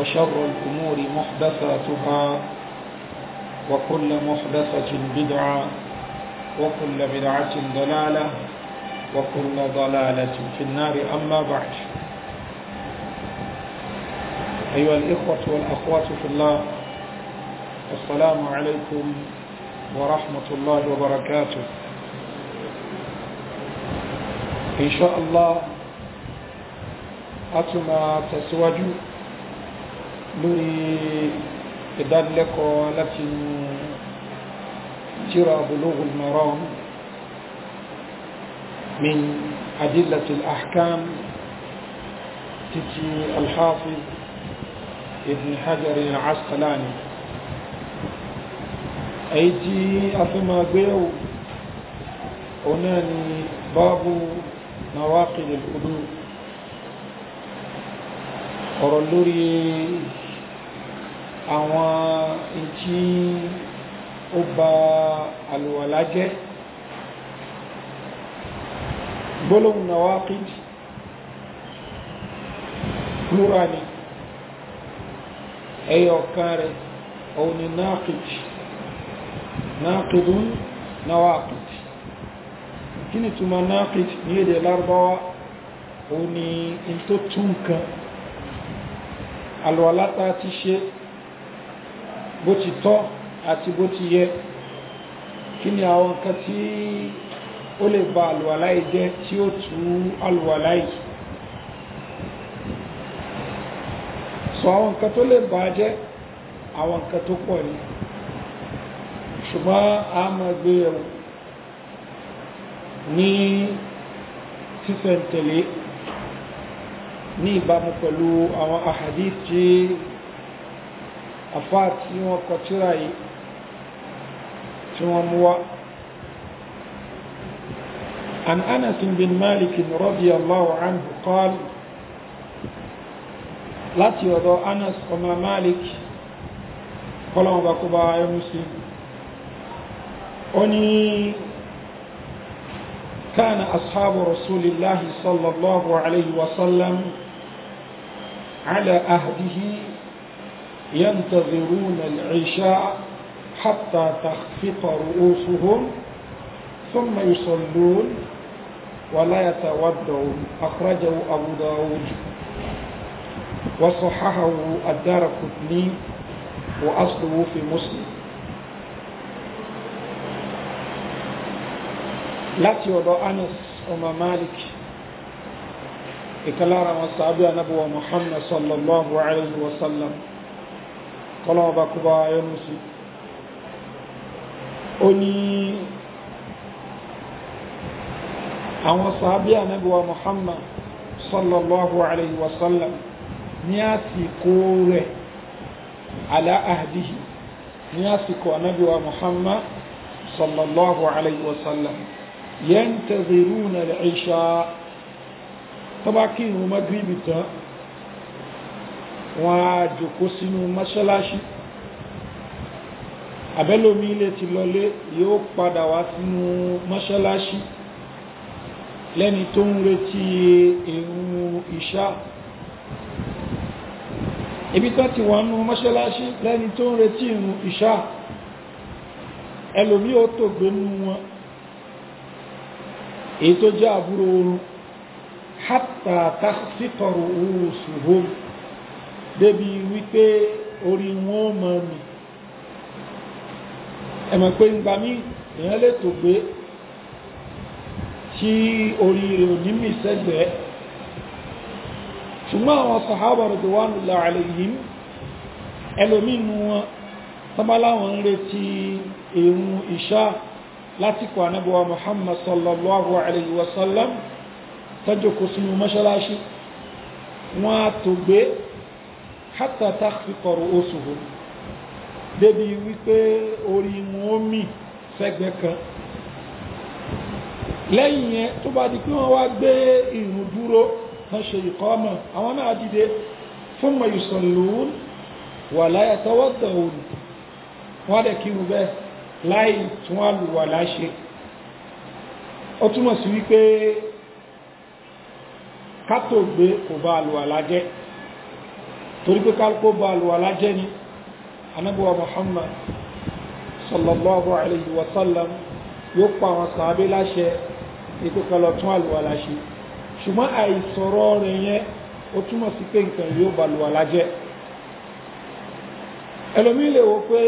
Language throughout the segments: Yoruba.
وشر الأمور محدثاتها وكل محدثة بدعة وكل بدعة ضلالة وكل ضلالة في النار أما بعد أيها الإخوة والأخوات في الله السلام عليكم ورحمة الله وبركاته إن شاء الله أتما تسواجوا lórí ìdánilẹ́kọ̀ọ́ láti tírà Bulugh al-Maram min adillati al-ahkam títí al-Hafiz ibn Hajar al-Asqalani èyí tí a fi máa gbéyàwó ọ̀nà ni báàbù nawaqid al-hudud ọ̀rọ̀ lórí àwọn ìtí ó ba àlùwàlá jẹ́ gbólóhùn nawaqid plural ni ẹyọ kan rẹ̀ òun ni naqid naqidun nawaqid kí ni túmọ̀ naqid ní èdè lárúbáwá òun ni in tó tún kan àlùwàlá ta ti ṣe bó ti tọ́ àti bó ti yẹ kí ni àwọn nǹkan tí ó lè ba àlùwàláì jẹ́ tí ó tú àlùwàláì sọ àwọn nǹkan tó lè ba jẹ́ àwọn nǹkan tó pọ̀ ní ṣùgbọ́n a máa gbé ẹ̀wù ní sísẹ̀ntẹ̀lé ní ìbámu pẹ̀lú àwọn àhàdí tí àfá tí wọ́n kọ tíra yìí tí wọ́n mú wá عن أنس بن مالك رضي الله عنه قال لا تيضو أنس وما مالك قال وبكبا يا مسلم أني كان أصحاب رسول الله صلى الله عليه وسلم على أهده ينتظرون العشاء حتى تخفق رؤوسهم ثم يصلون ولا يتودعون أخرجه أبو داود وصححه الدار قطني وأصله في مسلم تيوضو أنس أم مالك إكلا رمى الصحابي sàábí محمد صلى الله عليه وسلم kọ́lọ́ọ̀bá kó bá yọ́nú sí ó ní àwọn sàábí ànábíwá Muhammad sallallahu alayhi wa sallam ní àsìkò rẹ̀ ala ahdihi ní àsìkò ànábíwá Muhammad sallallahu alayhi wa sallam yantaziruna al-isha tó bá kí wọ́n á jòkó sínú mọ́ṣáláṣí àbẹ́lòmí ilé ti lọlé yóò padà wá sínú mọ́ṣáláṣí lẹ́ni tó ń retí ìrun ìṣá ibi tó ti wà nú mọ́ṣáláṣí lẹ́ni tó ń retí ìrun ìṣá ẹlòmí ó tó gbénú wọn èyí tó jẹ́ àbúrò oorun hátà tásítọ̀rọ̀ oòrùn sùhóòrùn débi wípé orí wọn ò mọ mi ẹ̀mọ̀ pé ń gba mí èèyàn lè tò gbé tí orí rẹ̀ ò ní mì sẹ́gbẹ̀ẹ́ ṣùgbọ́n àwọn sàhábà radwanullahi alayhim ẹlòmínú wọn tọ́báláwọn ń retí èrùn ìṣá látìkọ̀ ànábọ̀wà Muhammad sallallahu alayhi wa sallam wọ́n á hátà táàkìkọ̀rọ̀ oṣùwò débi wípé orí wọn ó mì sẹ́gbẹ́ kan lẹ́yìn yẹn tó bá di pé wọ́n wá gbé ìrùn dúró wọ́n ṣe ìkọ́ ọmọ àwọn náà dìde fún mayùsàn lòún wà láyà tọwọ́dọ̀ òòlù wọ́n dẹ̀ kí wọ́n bẹ́ẹ̀ láì tún àlùwà láṣẹ ó túmọ̀ sí wípé kátó gbé kò bá àlùwà lájẹ́ torí pé kálukó ba àlùwàlá jẹ́ ni anábíwá muhammad sallallahu alayhi wa sallam yóò pa àwọn sàábé láṣẹ ètò kalọ̀ tún àlùwàlá ṣe ṣùgbọ́n àìsọ̀rọ̀ rẹ̀ yẹn ó túmọ̀ sí pé nǹkan yóò ba àlùwàlá jẹ́ ẹlòmíì lè wò pé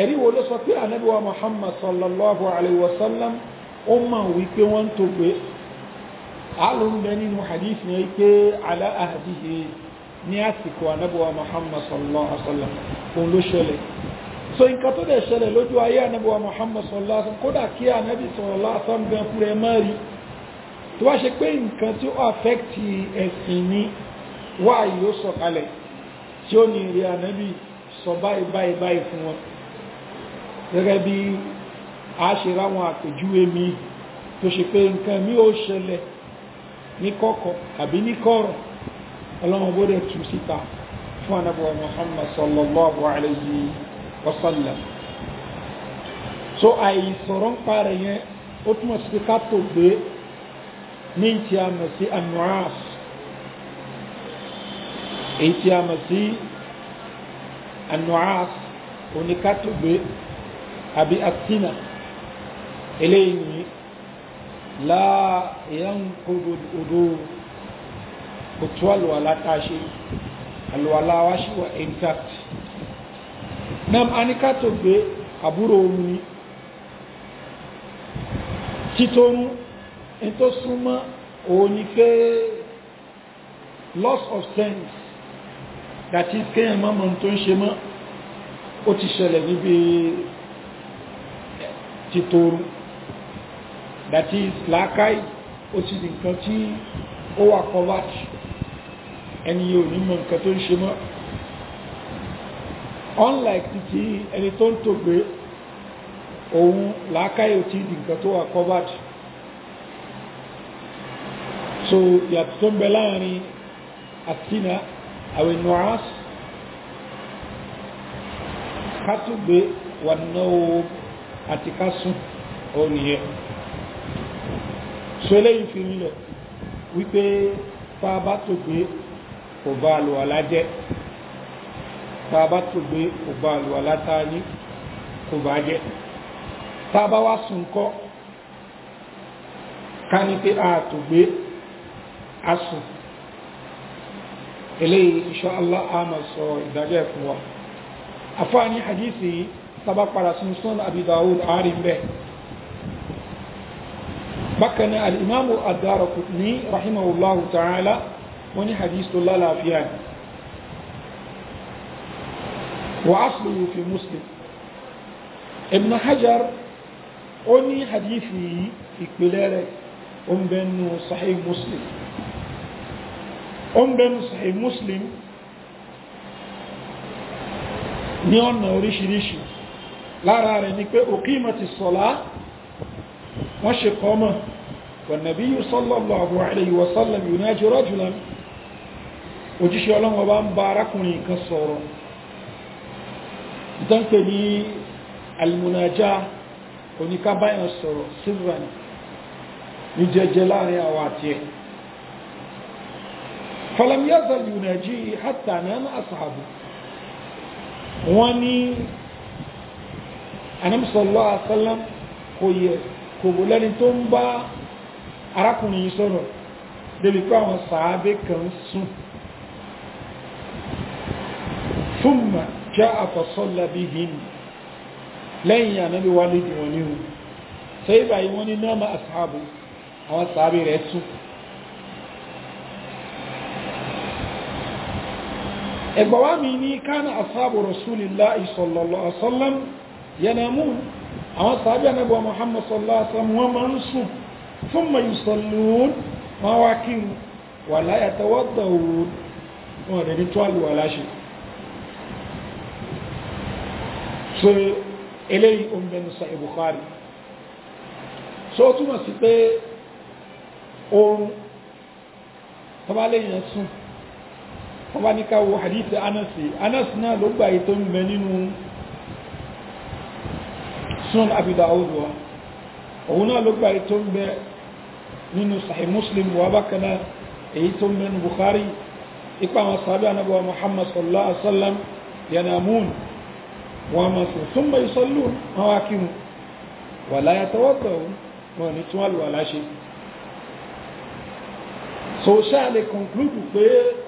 ẹ̀rí wo ló sọ pé anábíwá muhammad sallallahu alayhi wa sallam ó mọ̀ wípé wọ́n ń tó gbé àlùmbẹ́ nínú hadith ni pé ala ahdihi ní àsìkò anábọ̀wá muhammad sallallahu alaihi wa sallam òun ló ṣẹlẹ̀ so nǹkan tó dẹ̀ ṣẹlẹ̀ lójú ayé anábọ̀wá muhammad sallallahu alaihi wa sallam kódà kí anábì sallallahu alaihi wa sallam gan fúnra ẹ má rí tó wá ṣe pé nǹkan tí ó àfẹ́kì ẹ̀sìn ni wá yóò sọ̀kalẹ̀ tí ó ní ìrì anábì sọ báyìí báyìí báyìí fún wọn gẹ́gẹ́ bí a ṣe ráwọn àpèjúwe mi tó ṣe pé nǹkan mi ò ṣẹlẹ̀ ní kọ̀kọ̀ àbí ní kọ̀rọ̀ ọlọ́run bóde tù síta fún anábọ̀ Muhammad sallallahu alayhi wa sallam so àìsọ̀rọ̀ ń parẹ̀ yẹn ó túmọ̀ sí ká tó gbé ní tí a mọ̀ sí anuas èyí tí a sí anuas oníkàtògbé àbí atina eléyìí la yanqudu al-wudu kò tó àlùwàlá tá a ṣe àlùwàlá wa ṣì wà intact náà aníká gbé àbúrò omi ni títọ́rún ẹni òun ni pé loss of sense that is kéèyàn mọ́ mọ́ tó ń ṣe mọ́ ó ti ṣẹlẹ̀ níbi títòrò that is làákàí ó ti di nǹkan tí ó wà covert ẹni yóò ní mọ̀ nǹkan tó ń ṣe mọ́ unlike títí ẹni tó ń tògbé òun làákàyè tí di nǹkan tó wà covered so yàtọ̀ tó ń bẹ láàrin àtìnà àwẹ̀ nuas kátùgbé wà náwó àti kásùn òun nìyẹn so eléyìí fi nílẹ̀ wípé tá a bá tògbé kò bá àlùwàlá jẹ́ tá a bá tún gbé kò bá àlùwàlá tá a ní kò bá jẹ́ tá a bá wá sùn kọ́ ká ní pé a tún gbé a sùn eléyìí inṣọ́lá a máa sọ ìdájọ́ ẹ̀ fún wa àfáàní hadisi sábà padà sun sọ́nà Abi àárín bẹ́ẹ̀ bákan náà al-Imam ad-Daraqutni rahimahullahu wọ́n ní hadith tó lálàáfíà ni wà á sùn fi muslim ibn hajar ó ní hadith yìí ìpìlẹ̀ rẹ̀ ó ń bẹnu sahih muslim ó ń bẹnu sahih muslim ní ọ̀nà oríṣiríṣi lára rẹ̀ ni pé uqimati sọ́lá wọ́n ṣe kọ́mọ̀ wọ̀nàbí sallallahu alayhi wa sallam yunaji rajulan òjíṣẹ́ ọlọ́run ọba ń bá arákùnrin kan sọ̀rọ̀ ìtànpẹ̀ ní alìmọ̀nàjá oníkábáyàn sọ̀rọ̀ sílvan ní jẹjẹ láàrin àwọn àti ẹ̀ falamiyasa yunaji hatta nana asahabu wọ́n ní anamsọ̀lọ́ asálám kò yẹ kò bò lẹ́ni tó ń bá arákùnrin sọ̀rọ̀ débi pé àwọn sàábé kan sùn ثم jaa fa بهم bihim lẹ́yìn ànábì wá lè dìwọ̀n ní o ṣe ibà yìí wọ́n ní nọ́ọ̀mà àṣàbù àwọn sàábì rẹ̀ tún ẹgbà wá mi ní kánà àṣàbù rasulillahi sallallahu alaihi wasallam yanamun àwọn sàábì ànábì muhammad sallallahu alaihi wasallam wọ́n máa ń sùn thumma yusallun wọ́n wá kírun wala yatawadda'un wọn rẹ̀ ní tó àlùwà láṣẹ so eléyìí ó ń bẹnu sọ Bukhari so ó túmọ̀ sí pé oorun tọ́ba lẹ́yìn sùn tọ́ba ní ká wo hadith anasi anasi náà ló gbà ètò ń bẹ nínú sunan Abi Dawud wa òun náà ló gbà ètò ń nínú Sahih Muslim wa bákan èyí tó ń bẹ ipa àwọn sábẹ́ anábọ̀ Muhammad sallallahu alaihi wa yanamun wọ́n mọ̀ sí súnmọ̀ ìsọ́lù wọn wá kírun wà láyà tọwọ́tọ̀ wọn ní tún àlùwà láṣẹ so ṣáà lè conclude pé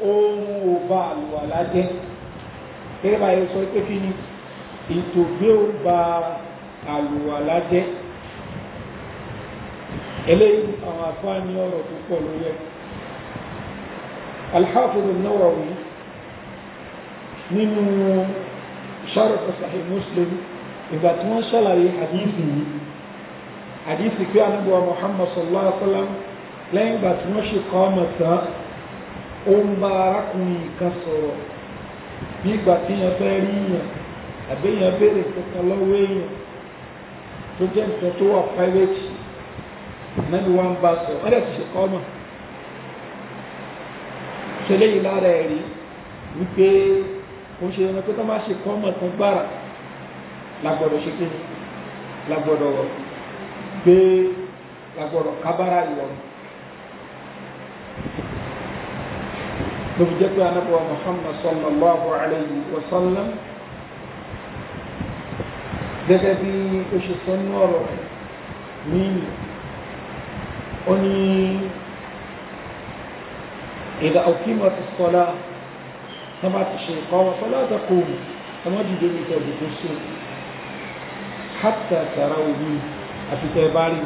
ohun ò ba àlùwà lájẹ́ gẹ́gẹ́ bá yẹ sọ pé kí ni ìtògbé ò ba àlùwà lájẹ́ eléyìí àwọn àfáà ọ̀rọ̀ tó pọ̀ lórí ẹ̀ Al-Hafiz nínú sharh sahih muslim ìgbà tí wọ́n ṣàlàyé hadithi yìí hadithi pé anábọ̀wá muhammad sallallahu alaihi wa sallam lẹ́yìn ìgbà tí wọ́n ṣe kọ́ ọmọ tán ó ń bá arákùnrin kan sọ̀rọ̀ bí ìgbà tí yẹn fẹ́ rí yẹn àbí yẹn tó jẹ́ nǹkan tó wà private náà wọ́n bá sọ ọ́ ti ṣe kọ́ ọmọ ṣẹlẹ̀ yìí lára ẹ̀rí wípé kò ṣe ẹni pé tó máa ṣe kọ́ ọmọ tán gbára lágbọ́dọ̀ ṣe kí ni lágbọ́dọ̀ gbé lágbọ́dọ̀ kábára ìwọ̀nù ló fi jẹ́ pé anábọ̀ Muhammad sallallahu alayhi wa sallam gẹ́gẹ́ bí ó ṣe sọ ní ọ̀rọ̀ ní ó ní ìdá òkè ti sọ́lá wọ́n bá ti ṣe ìkọ́wọ́ fọlọ́dọ̀ kò mú ẹmọ́ dìde ní ìtọ́jú tó ṣe hátà tara òbí àfitẹ́ bá rí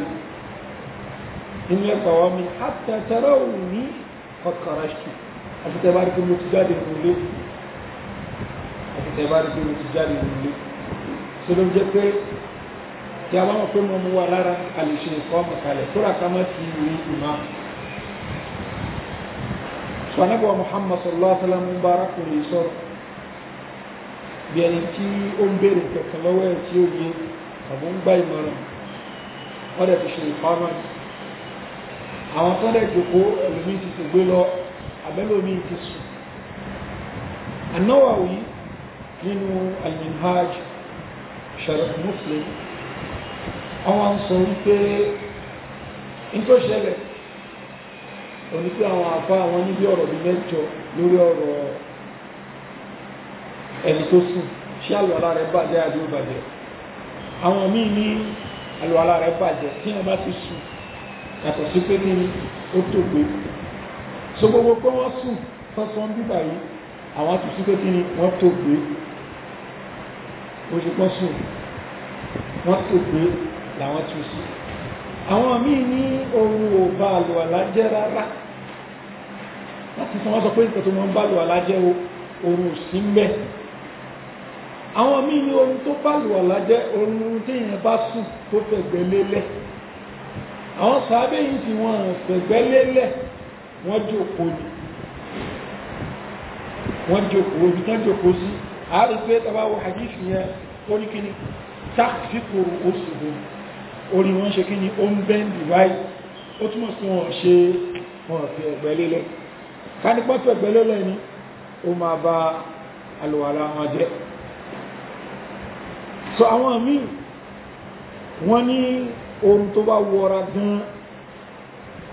inú ẹ̀kọ́ wọn mi hátà tara òbí kọkàrà ṣù àfitẹ́ bá rí pé mo ti jáde nílé àfitẹ́ bá rí pé mo ti jáde nílé ṣe ló jẹ́ pé tí a bá wọn pé mo mú wa lára àlè ṣe ìkọ́ ọmọ kalẹ̀ tó ká má ti rí ìmáàmù sanabuwa muhammad sallallahu alaihi wasallam mubarak kò lè sọ̀rọ̀ bí ẹni tí ó ń béèrè kẹ̀kẹ́ lọ́wọ́ ẹ̀ tí ó yẹ tàbí ń gbá ìmọ̀ràn wọ́n dẹ̀ fi ṣe ìpamọ́ ẹ̀ àwọn tó dẹ̀ jòkó ẹlòmíì ti ṣègbè lọ abẹ́lòmíì ti sùn an-Nawawi nínú al-Minhaj Muslim àwọn sọ wípé ní òní pé àwọn àfa àwọn níbi ọ̀rọ̀ bíi mẹ́jọ lórí ọ̀rọ̀ ẹni tó sùn ṣé àlùwàlá rẹ̀ bàjẹ́ àbí ó bàjẹ́ àwọn míì ní àlùwàlá rẹ̀ bàjẹ́ tí wọ́n bá ti sùn yàtọ̀ sí pé ní ó tó gbé so gbogbo pé wọ́n sùn sọ́sọ́ ń bíbà yìí àwọn ti sí pé kí wọ́n tó gbé ó ṣe sùn wọ́n tó gbé làwọn ti sùn àwọn míì ní ohun ò bá àlùwàlá jẹ́ rárá láti sọ wọ́n sọ pé nǹkan tó mọ́ ń bá àlùwàlá jẹ́ ohun ò sí mbẹ́ àwọn míì ní ohun tó bá àlùwàlá jẹ́ ohun téèyàn bá sùn tó fẹ̀gbẹ́ lélẹ̀ àwọn sàábẹ́ yìí tí wọ́n fẹ̀gbẹ́ lélẹ̀ wọ́n jókòó ni wọ́n jókòó ibi tán jókòó sí àárí pé tàbá wọ hadith yẹn ó ní kíni táàkì kòrò ó sì lóyún orí wọ́n ṣe kí ni ó ń bẹ́ndì wáyé ó túnmọ̀ sí wọn ṣe wọn fi ẹ̀gbẹ́lélẹ̀ kánípọ́ fi ẹ̀gbẹ́lélẹ̀ ni ó máa bá alùwàlá wọn jẹ́ so àwọn míì wọ́n ní oorun tó bá wọra gan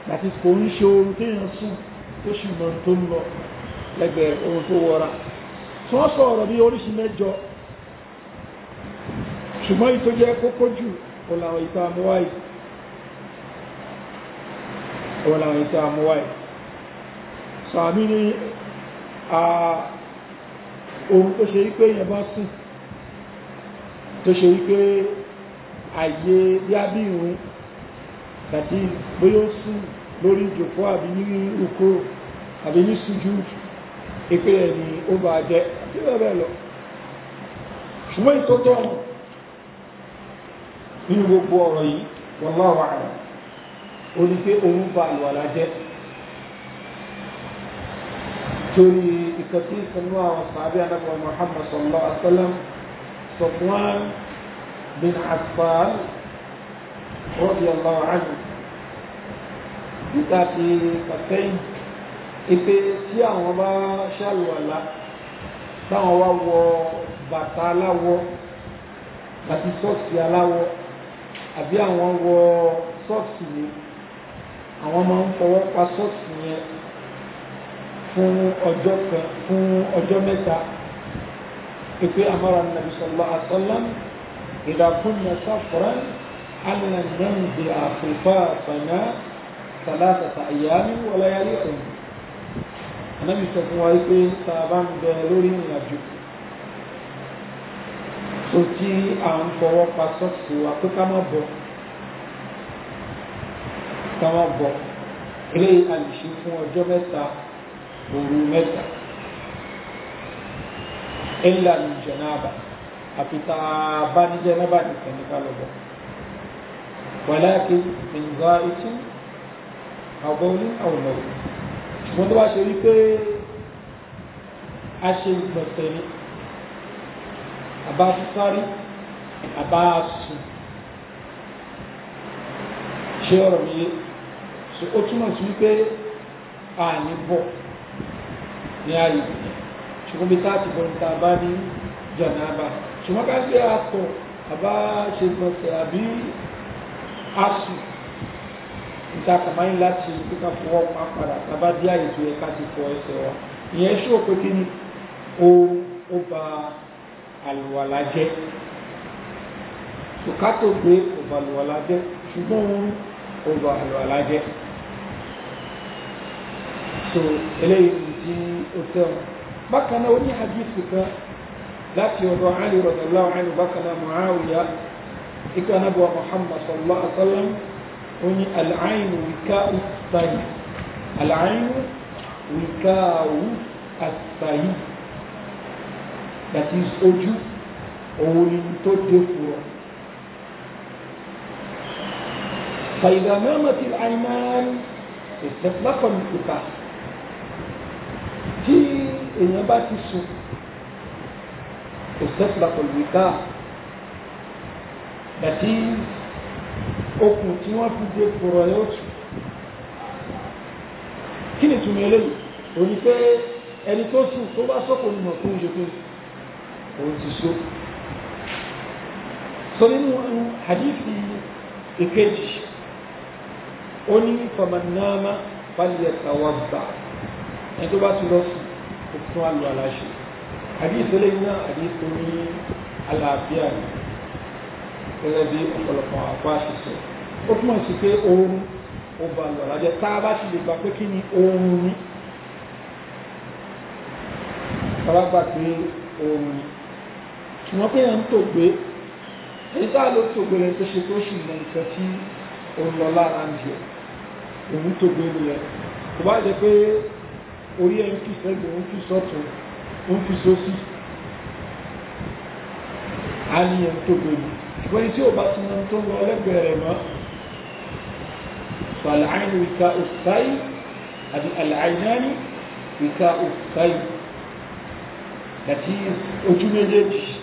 láti kò ń ṣe oorun tí yàn sùn tó ṣùgbọ́n tó ń lọ lẹ́gbẹ̀ẹ́ oorun tó wọra tí sọ ọ̀rọ̀ bí oríṣi mẹ́jọ ṣùgbọ́n ìtó kókó jù òun làwọn ìta àmúwáyì òun làwọn ìta àmúwáyì sàmì ní ohun tó ṣe wípé èèyàn bá sùn tó ṣe wípé àyè yábí ìrún tàbí bóyá ó sùn lórí ìjòkó àbí ní ìkó àbí ní sùjú ìpínlẹ̀ ni ó bá jẹ́ ṣùgbọ́n ìtótọ́ ọ̀hún nínú gbogbo ọ̀rọ̀ yìí wallahu a'lam ó ní pé òun ba àlùwàlá jẹ́ torí ìkàtí ìkànnú àwọn sàábẹ́ anábọ̀ Muhammad sallallahu alaihi wasallam Safwan bin Affan radiyallahu anhu nígbà tí pàtẹ́yìn ipe tí àwọn bá ṣàlùwàlá táwọn wá wọ bàtà aláwọ̀ àti sọ́ọ̀sì aláwọ̀ àbí àwọn wọ sọ́ọ̀sì ni àwọn máa ń fọwọ́ pa sọ́ọ̀sì yẹn fún ọjọ́ kan fún ọjọ́ mẹ́ta pípé amara nàbí sọlá àsọlá ìdàkúnnà sáfúrá alàǹdàn di àfẹ́fà àfẹ́nà sàlásàtà àyàní wọlé ayé ẹ̀yìn anábìsọ̀ fún wa pé tá a bá ń bẹ lórí ìrìnàjò so tí à ń fọwọ́ pa sọ́ọ̀sì wa pé ká má bọ̀ ká má bọ̀ eré àlùṣe fún ọjọ́ mẹ́ta òru mẹ́ta ẹ̀là lùjẹ̀ náà bà àfi tá a bá níjẹ́ náà bà nìkan ní ká lọ bọ̀ wàláàkì ìgbà ìtún àgbọ̀ ní àwọn ọ̀nà mo tó wá ṣe wípé a ṣe ìgbọ̀nsẹ̀ ni àbá fúfárí àbá sùn ṣé ọ̀rọ̀ mi yé so ó túmọ̀ sí wípé àní bọ̀ ní ààyè ṣùgbọ́n bí táàtì bọ̀ níta bá ní jàǹdàbà ṣùgbọ́n ká sí àtọ̀ àbá ṣe gbọ̀nsẹ̀ àbí asùn níta kàmáyé láti kíkà fọwọ́ pa padà tàbá dí àyè tó yẹ ká ti fọ ẹsẹ̀ wa ìyẹn ṣó pé kí ni o, o ba àlùwàlá jẹ́ sùkátò pé kò bà àlùwàlá jẹ́ ṣùgbọ́n òun kò bà àlùwàlá jẹ́ so eléyìí tí ó tẹ́wọ̀n bákan náà ó ní hadith kan láti ọ̀dọ̀ Ali radiyallahu anhu bákan náà Muawiya ikú anábọ̀ Muhammad sallallahu alaihi wasallam ó ní al-aynu wika'u as-sayyi al-aynu wika'u as that is ojú òun ni tó dé fún ọ. fàyìlà mẹ́mọ́ ti àìmán ìtẹ́pápọ̀ nìkúta tí èèyàn bá ti sùn ìtẹ́pápọ̀ nìkúta that is okùn tí wọ́n fi dé fún ọ yóò tù. kí ni túnmí eléyìí? òní pé ẹni tó sùn tó bá sọ́kùnrin mọ̀ fún ìjọba òun ti só so nínú hadithi ìkejì ó ní famanama falyatawadda ẹni tó bá ti lọ sùn ó tún wá lu aláṣẹ hadithi eléyìí náà hadithi ní àlàáfíà ni gẹ́gẹ́ bí ọ̀pọ̀lọpọ̀ àpá àṣìṣe ó túmọ̀ sí pé oorun ó ba lu aláṣẹ tá a bá ti lè gbà pé kí ni oorun ni ọlọ́gbà pé oorun ni ṣùgbọ́n pé yẹn ń tò gbé èyí tá ló tò gbé rẹ tó ṣe tó sì mọ nǹkan tí ó ń lọ lára ń jẹ òun tò gbé nìyẹn kò bá jẹ pé orí ẹ̀ ń fi sẹ́gbẹ̀ẹ́ ń fi sọ́tún ń fi sósì á ní ẹ̀ ń tò gbé nìyẹn ṣùgbọ́n tí ó bá ti mọ tó lọ lẹ́gbẹ̀ẹ́ rẹ̀ mọ́ فالعين وكاء السيف العينان وكاء السيف that is ojú méjèèjì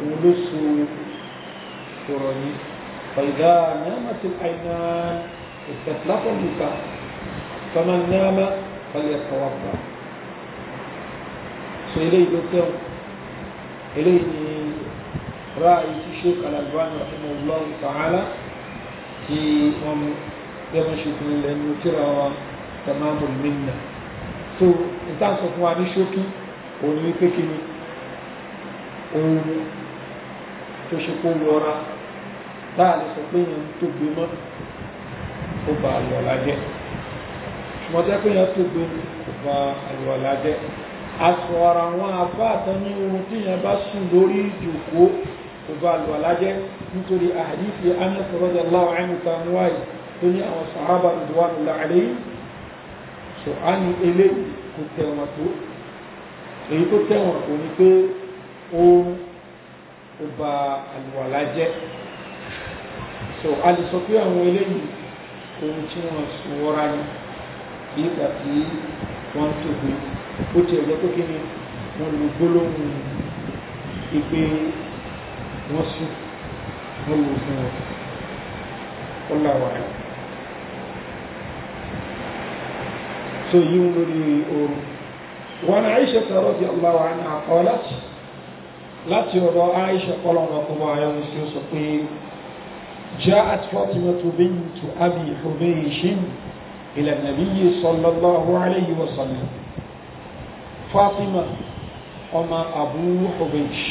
olóṣù sọ̀rọ̀ ni fàyídà nàmàtì àìnà ìtẹ̀fìlápọ̀ nìka nama nàmà fàlẹ̀ kọ̀wàpà so eléyìí ló tẹ̀ eléyìí ni ráàyè tí sheik Al-Albani rahimahullah ta'ala tí wọ́n mú yẹ́mọ̀ ṣètò ilẹ̀ ní tamamul minna so ìtàn sọ fún wa ní ṣókí òun ní pé kí ni tó ṣe kó wọra láàrin sọ pé yẹn tó gbé mọ́ ó ba àlùwàlá jẹ́ ṣùgbọ́n tẹ́ pé yẹn tó gbé kò ba àlùwàlá jẹ́ aṣọ ara wọn afá àtọ́ni ohun tí yẹn bá sùn lórí ìjòkó kò ba àlùwàlá jẹ́ nítorí àdìsí Anas radiyallahu anhu wáyé tó ní àwọn sàhábà ridwanullahi alayhim so a ní eléyìí kò tẹ̀wọ̀n tó èyí tó tẹ̀wọ̀n kò ní pé oorun ó ba àlùwàlá jẹ́ so a lè sọ pé àwọn eléyìí ohun tí wọ́n sọ́ra ni bí ìgbà tí wọ́n ń tóbi ó ti ẹ̀jẹ̀ pé kí ni wọ́n gbólóhùn ìpè wọ́n sùn wọ́n lù fún wọn ó làwà rẹ̀ so yíwọ́n lórí oorun wọn àìṣe sọ̀rọ̀ sí ọlọ́wà náà kọ́ láti láti ọ̀dọ̀ Aisha kọlọ̀rọ̀ kọmọ ayọ́n tí ó sọ pé ja'at Fatimatu bintu Abi Hubaysh ila Nabiyyi sallallahu alayhi wa sallam Fatima ọmọ Abu Hubaysh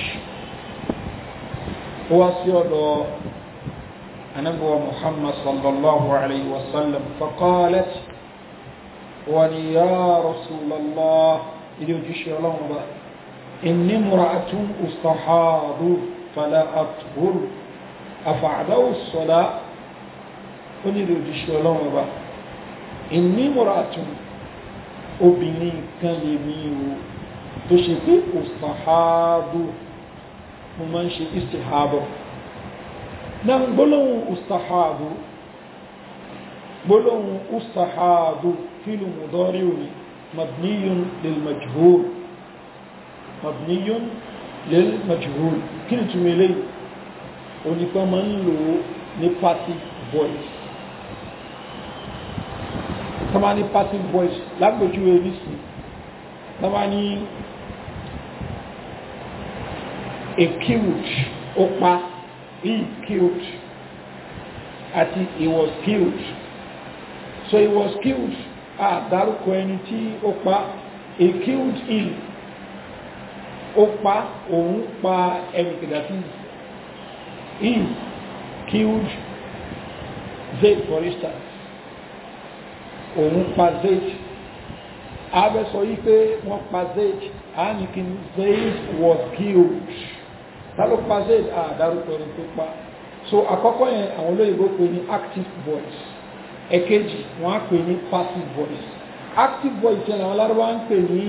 wá sí ọ̀dọ̀ Ànábì wa Muhammad sallallahu alayhi wa sallam faqalat wa ni ya Rasulallah ilé ojúṣe ọlọ́run báyìí inni muratun ustahaadu fala athur afa'adawu sọlá ó nílò òjíṣẹ́ ọlọ́run ọba inni muratun obìnrin kan lè mí o tó ṣe pé ustahaadu mo máa ń ṣe istihabo náà gbólóhùn ustahaadu gbólóhùn ustahaadu fílùmù dọ́rí òní mabniyun lil majhul mabniyun lil majhul kí ni túnmí lè oníkan máa ń lò ó ní passive voice tọ́mà ní passive voice lágbèjúwe nísìn tọ́mà ní killed ó he killed àti he was killed so he was killed àdárúkọ ẹni tí ó pa he killed him ó pa òun pa everything that is he killed Zaid for instance òun pa Zaid abẹ sọ yí pé wọ́n pa Zaid anikin Zaid was killed ta ló pa Zaid àdárúkọ ẹni tó pa so àkọ́kọ́ yẹn àwọn olóyìnbó pè ní active voice ẹ̀kejì wọ́n á pè ní passive voice active voice yẹn àwọn alárúbá ń pè ní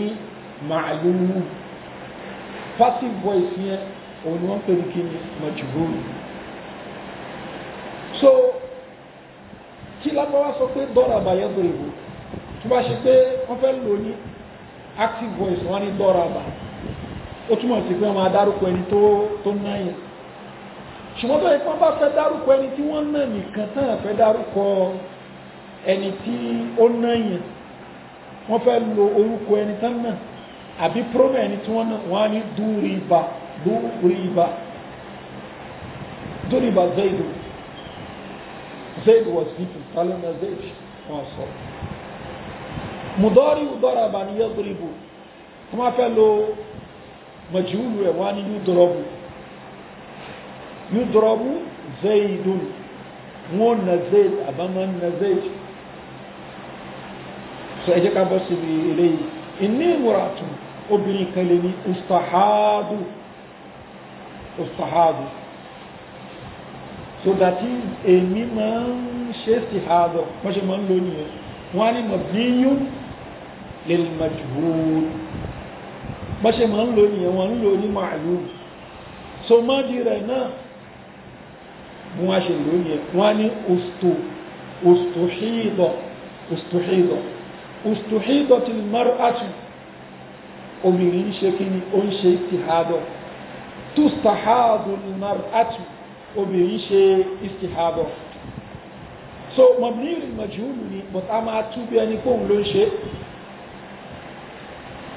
màálùmù passive voice yẹn òun ni wọ́n pè ní kíni majhul so tí lágbára sọ pé dọ́ra àbáyé dòrèbò tó bá ṣe pé wọ́n fẹ́ lò ní active voice wọ́n ní dọ́ra àbá ó túmọ̀ sí pé wọ́n máa dárúkọ ẹni tó ná yẹn ṣùgbọ́n tó yẹ kí wọ́n bá fẹ́ dárúkọ ẹni tí wọ́n ná nìkan tán fẹ́ dárúkọ ẹni tí ó ná yẹn wọ́n fẹ́ lo orúkọ ẹni tán náà àbí promo ẹni tí wọ́n ní dúrìbà dúrìbà dúrìbà zaidu zaidu was beaten talon as zaidu wọ́n sọ mudari udaraba ni yadribu wọ́n máa fẹ́ lo majhulu ẹ̀ wọ́n ní yudrobu yudrobu zaidun wọ́n na zaid àbámọ́ na zaid so ẹ jẹ́ ká bọ́ síbi eléyìí inni muratun obìnrin kan lè ní ustahadu ustahadu so that is èmi máa ń ṣe istihadu wọ́n ṣe máa ń lò nìyẹn wọ́n á ní mabniyun lil majhul wọ́n ṣe máa ń lò nìyẹn wọ́n ń lò ní ma'lum so mọ́dí rẹ̀ náà wọ́n á ṣe lò nìyẹn wọ́n á ní ustu ustuhidọ̀ ustuhidọ̀ ustuhidọ̀ til mar'atu obìnrin ń ṣe kí ni ó ń ṣe istihadọ tustahadu mar'atu obìnrin ṣe istihadọ so mọ̀bìnrin majhulu ni but a máa tú bí ẹni kóhun ló ń ṣe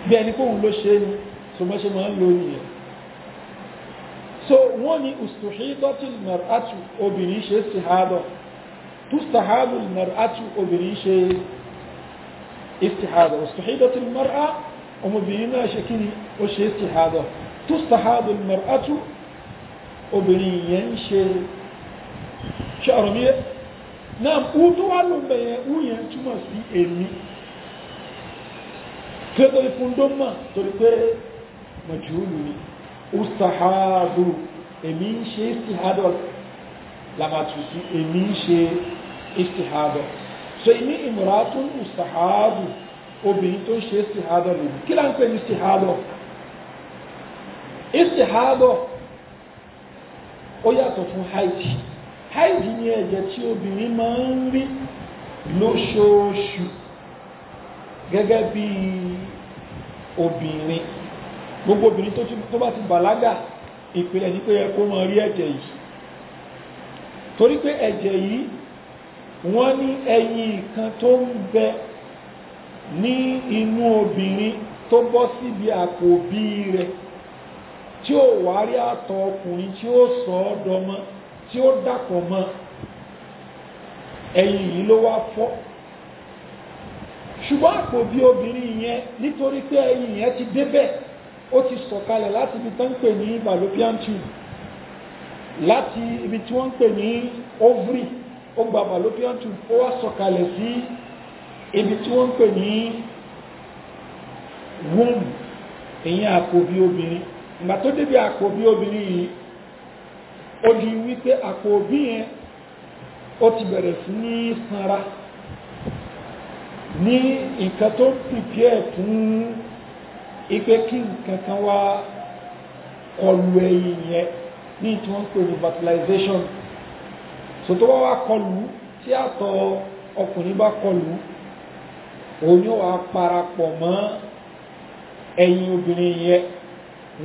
bí ẹni kóhun ló ṣe ni so mọ́ṣe máa ń lo nìyẹn so wọ́n ni ustuhidatu mar'atu obìnrin ṣe istihadọ tustahadu mar'atu obìnrin ṣe istihadọ ustuhidatu mar'a ọmọbìnrin náà ṣe kí ni ó ṣe istihada tustahadu almar'atu obìnrin yẹn ń ṣe ṣàròmíyẹ náà wú tó wá ló ń bẹ̀yẹ wú yẹn túmọ̀ sí èmi kétorí fún dọ́mà torí pé màjúlù ni ustahadu èmi ń ṣe istihada lamatu sí èmi ń ṣe istihada so èmi imratun ustahadu obìnrin tó ń ṣe istihadọ lòdì kí là ń pè ní ó yàtọ̀ fún haidi haidi ni ẹ̀jẹ̀ tí obìnrin máa ń rí lóṣooṣù gẹ́gẹ́ bí obìnrin gbogbo obìnrin tó bá ti bàlágà ìpìlẹ̀ ní pé ẹ kó máa rí ẹ̀jẹ̀ yìí torí pé ẹ̀jẹ̀ yìí wọ́n ní ẹyin kan tó ń bẹ ní inú obìnrin tó bọ́ síbi àpò bí rẹ̀ tí ó wá rí àtọ̀ ọkùnrin tí ó sọ ọ́ dọmọ tí ó dàpọ̀ mọ́ ẹ̀yìn yìí ló wá fọ́ ṣùgbọ́n àpò bí obìnrin yẹn nítorí pé ẹ̀yìn yẹn ti débẹ̀ ó ti sọ̀kalẹ̀ láti ibi tó ń pè ní fallopian tube láti ibi tí wọ́n ń pè ní ovary ó gba fallopian tube ó wá sọ̀kalẹ̀ sí. Si ibi tí wọ́n ń pè ní womb ìyẹn àpòbí obìnrin ìgbà tó débi àpòbí obìnrin yìí ó di wípé àpòbí yẹn ó ti bẹ̀rẹ̀ sí ní sanra ní nǹkan tó pìpìẹ́ fún ipe kí nǹkan kan wá kọlu ẹyin yẹn ní tí wọ́n ń pè ní fertilization so tó bá wá kọlu tí àtọ̀ ọkùnrin bá kọlu òun yóò wá parapọ̀ mọ́ ẹ̀yìn obìnrin yẹn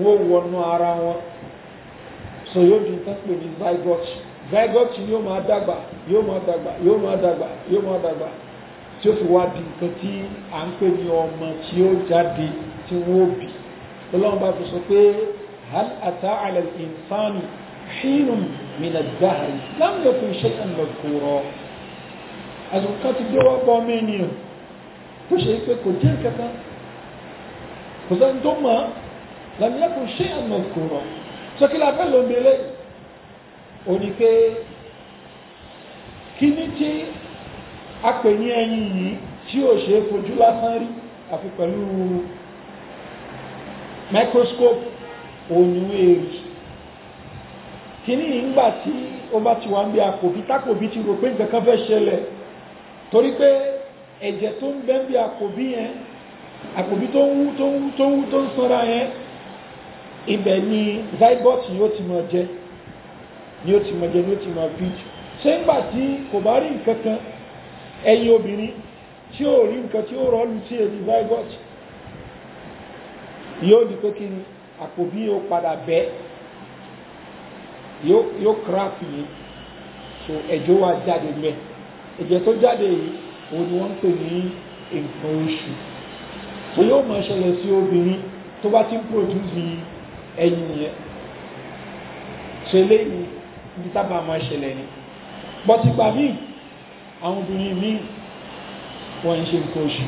wọ́n wọnú ara wọn so yóò di nǹkan pè ní zygote zygote yóò máa dàgbà yóò máa dàgbà yóò máa dàgbà yóò máa dàgbà tí ó fi wá di nǹkan tí à ń pè ní ọmọ tí ó jáde tí wọ́n bì ọlọ́run bá fi sọ pé hal ata ala insani hinun min adahari lam yakun shay'an madhkura àti nǹkan ti gbé wá bọ́ mẹ́nìyàn tó ṣe pé kò jẹ́ ìkẹta kò sẹ́ni tó mọ̀ ọ́ làmìlẹ́kùn ṣé àná kò rọ̀ sókèlà fẹ́ ló ń belé ò ní pé kí ní tí a pè ní ẹyin yìí tí ò ṣe é fojú lásán rí àfi pẹ̀lú microscope òyìnwó èrì kí ní ìgbà tí ó bá ti wà ń bí akòbí tákòbí torí pé ẹ̀jẹ̀ tó ń bẹ́ bí àkòbí yẹn àkòbí tó ń wú tó ń wú tó ń wú tó ń sanra yẹn ibẹ̀ ni zygote ni ó ti máa jẹ ni ó ti máa jẹ ni ó ti máa bí jù ṣé ńgbà tí kò bá rí nǹkan kan ẹyin obìnrin tí ó rí nǹkan tí ó rọ́ọ̀lù tí èdè zygote yóò di pé kí ni àkòbí yóò padà bẹ́ yóò kíráàpì yìí so ẹ̀jọ́ wa jáde mẹ́ ẹ̀jẹ̀ tó jáde yìí òun ni wọ́n ń pè ní nǹkan oṣù tó yóò máa ṣẹlẹ̀ sí obìnrin tó bá ti ń pòdúsì ẹyin yẹn tó eléyìí ní sábà máa ṣẹlẹ̀ ni bọ́tìgbà míì àwọn obìnrin míì wọ́n ń ṣe nǹkan oṣù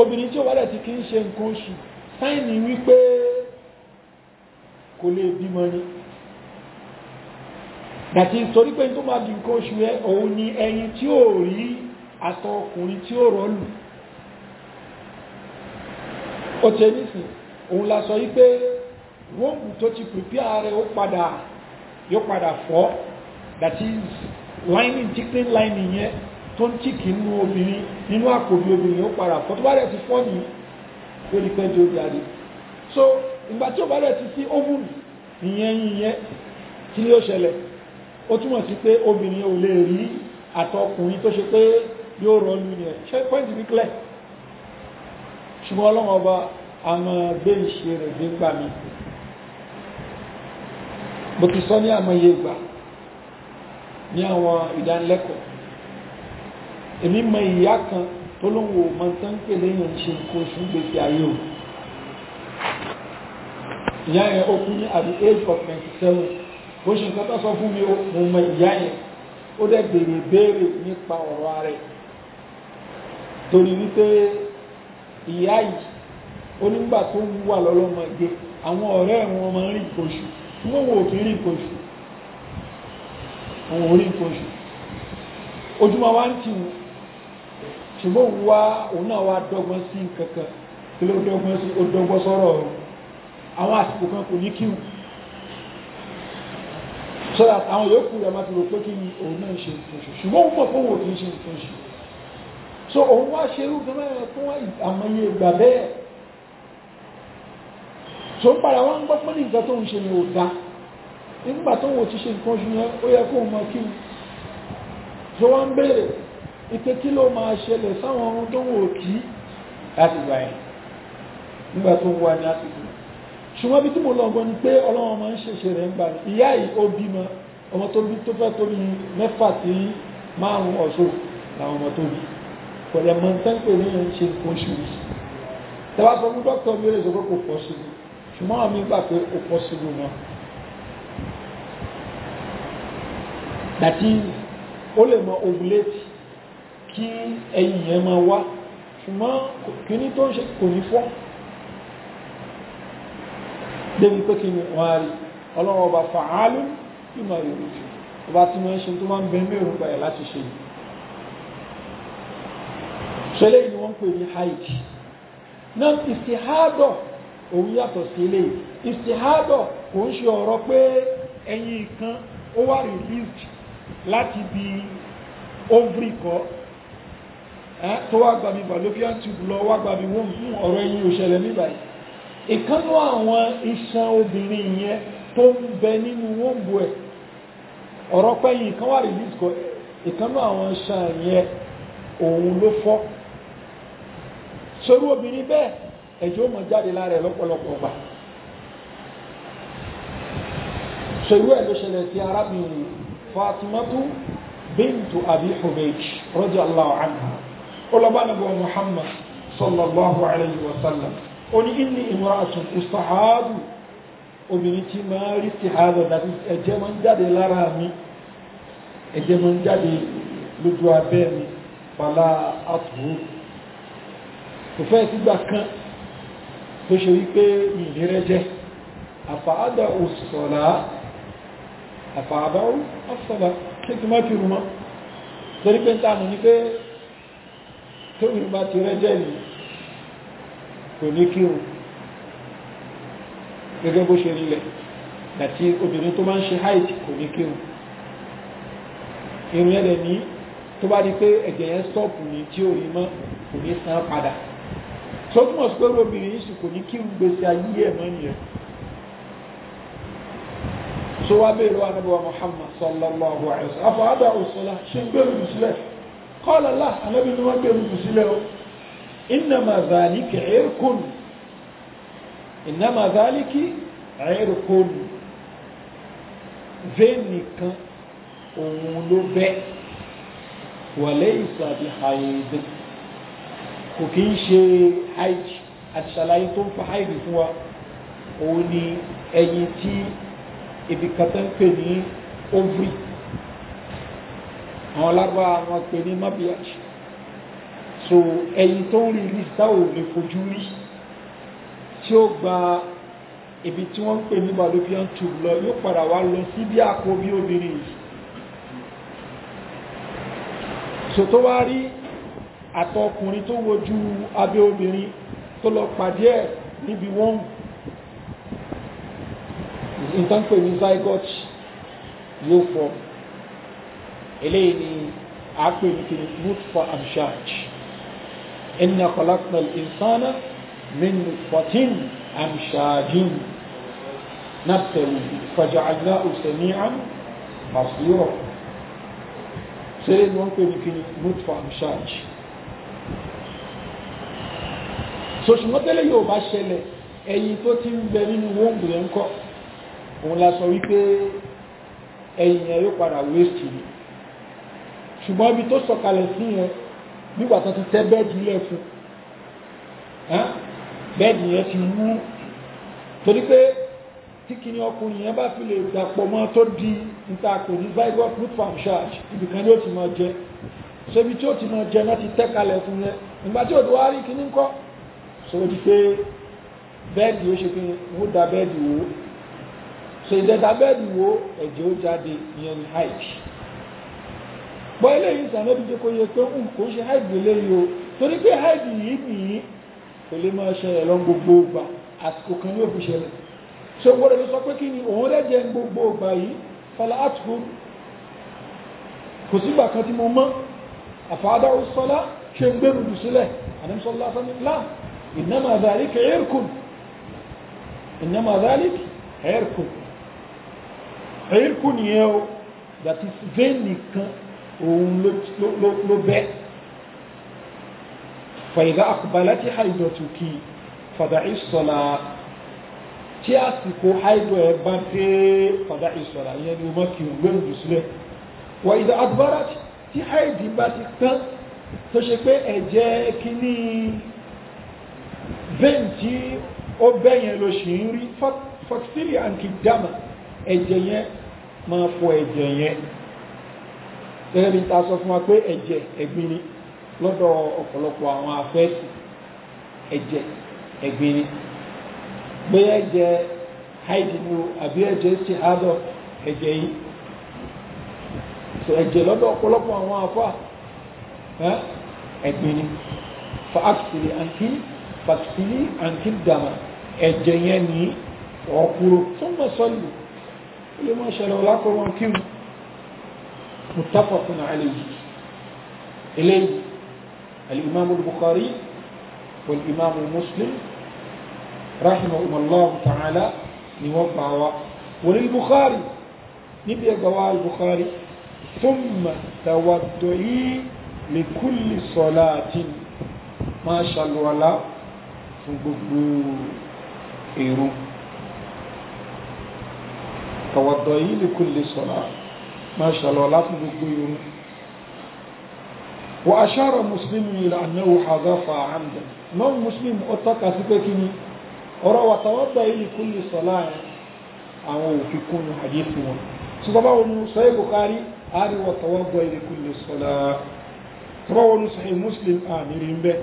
obìnrin tí ó wálẹ̀ tí kì í ṣe nǹkan oṣù sáìnì wípé kò lè bímọ ni dàtí torí pé tó máa di nǹkan oṣù ẹ òun ni ẹyin tí ó rí àtọ ọkùnrin tí ó rọlù ó tẹ nísìn òun la sọ wípé wọ́ọ̀mù tó ti prepare rẹ̀ ó padà yóò padà fọ́ that is lining chicken lining yẹn tó ń chicken nínú obìnrin nínú àkòbí obìnrin ó padà fọ́ tó bá rẹ̀ ti fọ́ ní lórí pẹ́ntì ó jáde so ìgbà tí ó bá rẹ̀ ti sí oven ìyẹn yìí yẹn kí ni ó ṣẹlẹ̀ ó túmọ̀ sí pé obìnrin ò lè rí àtọkùnrin tó ṣe pé yóò rọlú ni ẹ̀ ṣe pẹ́ǹtì ní clear ṣùgbọ́n ọlọ́run ọba àwọn gbé ìṣe rẹ̀ gbé gbà mí mo ti sọ ní àmọye ìgbà ní àwọn ìdánilẹ́kọ̀ọ́ èmi mọ ìyá kan tó lóun ò mọ tán pè léyìn ń nǹkan oṣù gbèsè ayé o ìyá yẹn ó kú ní at the age of ninety bó ṣe nǹkan tó sọ fún mi mo mọ ìyá yẹn ó dẹ béèrè béèrè nípa ọ̀rọ̀ rẹ̀ torí wípé ìyá yìí onígbà tó ń wà àwọn ọ̀rẹ́ wọn máa ń rí nǹkan oṣù wọ́n wò kí rí nǹkan oṣù nǹkan oṣù ojúmọ́ wa ń tìwò ṣùgbọ́n wá òun náà wá dọ́gbọ́n sí nǹkan kí ló dọ́gbọ́n sí ó dọ́gbọ́n sọ́rọ̀ so that àwọn yòókù rẹ̀ máa ti rò pé kí ni òun náà ṣe nǹkan oṣù ṣùgbọ́n òun mọ̀ pé òun ò kì í ṣe nǹkan oṣù so òun wá ṣe irú kan mẹ́rin fún àmọye ìgbà bẹ́ẹ̀ so ń padà wọ́n ń gbọ́ pé nǹkan tó ń ṣe ni ò da nígbà tó ń wò ti ṣe nǹkan oṣù yẹn ó yẹ kó mọ kí n so wọ́n ń béèrè ìpè kí ló máa ṣẹlẹ̀ sáwọn ohun tó ń wò kí láti gbà yẹn nígbà tó ń wà ní àsìkò ṣùgbọ́n bí tí mo lọ gan ni pé ọlọ́wọ́n máa ń ṣèṣe rẹ̀ ń gbà ìyá yìí ó bímọ ọmọ tó bí tó fẹ́ tó bí mẹ́fà sí márùn-ún ọ̀ṣọ́ làwọn ọmọ tó bí pẹ̀lẹ́ mọ́ tẹ́ńpẹ̀ ní ṣe nǹkan oṣù yìí tẹ́wá sọ fún dókítà mi ó lè sọ pé kò pọ̀ sí i ṣùgbọ́n àmì gbà pé kò pọ̀ sí i wọn. that is ó lè mọ ovulate kí ẹyin yẹn máa wá ṣùgbọ́n kíní tó ń ṣe kò ní fọ́ débi pé kí ni wọ́n á rí ọlọ́run ọba fàálù ìmọ̀ ìrìn òjò ọba tí wọ́n ń ṣe tó máa ń bẹ mí òun gbàyà láti ṣe yìí ṣẹlẹ̀ ni wọ́n ń pè ní haid náà ìsìhádọ̀ òun yàtọ̀ sí ilé ìsìhádọ̀ kò ń ṣe ọ̀rọ̀ pé ẹyin kan ó wà released láti bí ovary kọ́ tó wá gbàmí fallopian tube lọ wá gbàmí wọ́n ọ̀rọ̀ ẹyin òṣẹlẹ̀ níbàyìí ìkánú àwọn iṣan obìnrin yẹn tó ń bẹ nínú wọ́nbù ẹ̀ ọ̀rọ̀ pẹ́yìn ìkan wà release kọ ìkánú àwọn iṣan yẹn òun ló fọ́ sorú obìnrin bẹ́ẹ̀ ẹ̀jẹ̀ ó mọ̀ jáde lára ẹ̀ lọ́pọ̀lọpọ̀ ọgbà sorú ẹ̀ ló ṣẹlẹ̀ sí arábìnrin Fatimatu bintu Abi Hubaysh radiyallahu anha ọlọ́bánagbọ̀ Muhammad sallallahu alayhi wa sallam oní inú ìmúra àtún ìsọ̀háàbù obìnrin tí máa rí sí àádọ́ dàbí ẹ̀jẹ̀ máa ń jáde lára mi ẹ̀jẹ̀ máa ń jáde lójú abẹ́ mi pàlá àtúwò kò fẹ́ sígbà kan tó ṣe wípé ìlérẹ́jẹ́ àfàádà òsìsọ̀lá àfàádà òsìsọ̀lá kí ti má fi rùmọ́ torí pé ń tààmù ní pé tó rùmọ́ ti rẹ́jẹ́ yìí kò ní kírun gẹgẹ bó ṣe rílẹ̀ àti obìnrin tó máa ń ṣe haid kò ní kírun irun ẹlẹ̀ ní tó bá di pé ẹ̀jẹ̀ yẹn ní tí ò rí mọ́ kò ní san padà tó túmọ̀ sí pé obìnrin kò ní gbèsè ayé ẹ̀ mọ́ nìyẹn tó wá Muhammad sallallahu alayhi wa sallam afọ ṣe ń gbèrú sílẹ̀ gbèrú sílẹ̀ o. إنما ذلك عرق إنما ذلك عرق ذنك أولو بأ وليس بحيض kò kí ń ṣe haid àṣàlàyé tó ń fa haid fún wa òun ni ẹyin tí ibi kata ń pè ní ovary àwọn lágbára wọn pè ní mabiachi so ẹni tó ń rí ilé ìsáwò lè fojú rí tí ó gba ibi tí wọ́n ń pè ní Fallopian tube lọ yóò padà wá lọ sí bí àpò bí obìnrin yìí so tó wá rí àtọkùnrin tó wojú abẹ́ obìnrin tó lọ pàdé ẹ̀ níbi wọ́n nǹkan pè ní zygote yóò fọ́ eléyìí ni a pè ní kìnnìkì root for amshaj إن خلقنا الإنسان من نطفة أمشاج نبتليه فجعلناه سميعا بصيرا سيد ممكن يمكن نطفة أمشاج so ṣùgbọ́n tẹ́lẹ̀ yóò bá ṣẹlẹ̀ ẹyin tó ti ń bẹ nínú wọ́ǹbù rẹ̀ ń kọ́ òun la sọ wípé ẹyin yẹn yóò padà wéṣì ṣùgbọ́n ibi tó sọ̀kalẹ̀ sí yẹn nígbà tó ti tẹ́ bẹ́ẹ̀dì ilẹ̀ fún bẹ́ẹ̀dì yẹn ti wú torí pé tí kìíní ọkùnrin yẹn bá fi lè dàpọ̀ mọ́ tó di ntaàkùn ní vigo fruit farm charge ibìkan ni ó ti máa jẹ ṣebí tí ó ti máa jẹ náà ti tẹ́ kalẹ̀ fún yẹn ìgbà tí òdò wá rí kìíní ńkọ́ so di pé bẹ́ẹ̀dì ó ṣe pé wó da bẹ́ẹ̀dì wò so ìdẹ́ta bẹ́ẹ̀dì wò ẹ̀jẹ̀ ó jáde ìyẹn ni hajj bọ́ eléyìí sànẹ́bí jẹ́ kó yẹ pé ń kó ṣe háìdì eléyìí o torí pé háìdì yìí nìyí kò lè máa ṣẹlẹ̀ lọ gbogbo ìgbà àsìkò kan yóò fi ṣẹlẹ̀ ṣe gbọ́dọ̀ ló sọ pé kí ni òun rẹ́jẹ gbogbo ìgbà yìí fọlá àtúkò kò sígbà kan tí mo mọ́ àfàdá òṣọlá ṣe ń gbẹ́rù jù sílẹ̀ that is vain nìkan òun ló bẹ́ fàìdá àkùbálá tí haidọ̀ tó kí fàdà ìsọ̀lá tí àsìkò haidọ̀ ẹ bá dé fàdà ìsọ̀lá yẹn ni wọ́n kí ògbé òjò sílẹ̀ wà ìdá àdúbárá tí haidì bá ti tán tó ṣe pé ẹ̀jẹ̀ kíní vein tí ó bẹ́yẹn ló ṣì ń rí fọ́tílì àǹkì dámà ẹ̀jẹ̀ yẹn máa fọ ẹ̀jẹ̀ yẹn gẹ́gẹ́ bí ta sọ fún wa pé ẹ̀jẹ̀ ẹ̀gbin ni lọ́dọ̀ ọ̀pọ̀lọpọ̀ àwọn afẹ́sì ẹ̀jẹ̀ ẹ̀gbin ni bóyá ẹ̀jẹ̀ haidi ni o àbí ẹ̀jẹ̀ ṣe àádọ́ ẹ̀jẹ̀ yìí so ẹ̀jẹ̀ lọ́dọ̀ ọ̀pọ̀lọpọ̀ àwọn afá ẹ̀gbin ni fa aksili anki fa aksili anki ẹ̀jẹ̀ yẹn ni ọ̀kúrò tó mọ̀ sọ́lù ilé mọ̀ ṣẹlẹ̀ ọlákọ̀ọ́mọ̀ kírun متفق عليه إليه الإمام البخاري والإمام مسلم رحمهما الله تعالى نوضع وللبخاري نبي قواء البخاري ثم توضعي لكل صلاة ما شاء الله فنقبو إيرو توضعي لكل صلاة ما شاء الله لا تبقيون وأشار مسلم إلى أنه حذف عمدا ما مسلم أتاك سككني أرى وتوضأ لكل صلاة أو في كون حديثهم سبب صحيح بخاري أرى وتوضأ لكل صلاة سبب صحيح مسلم آمرين به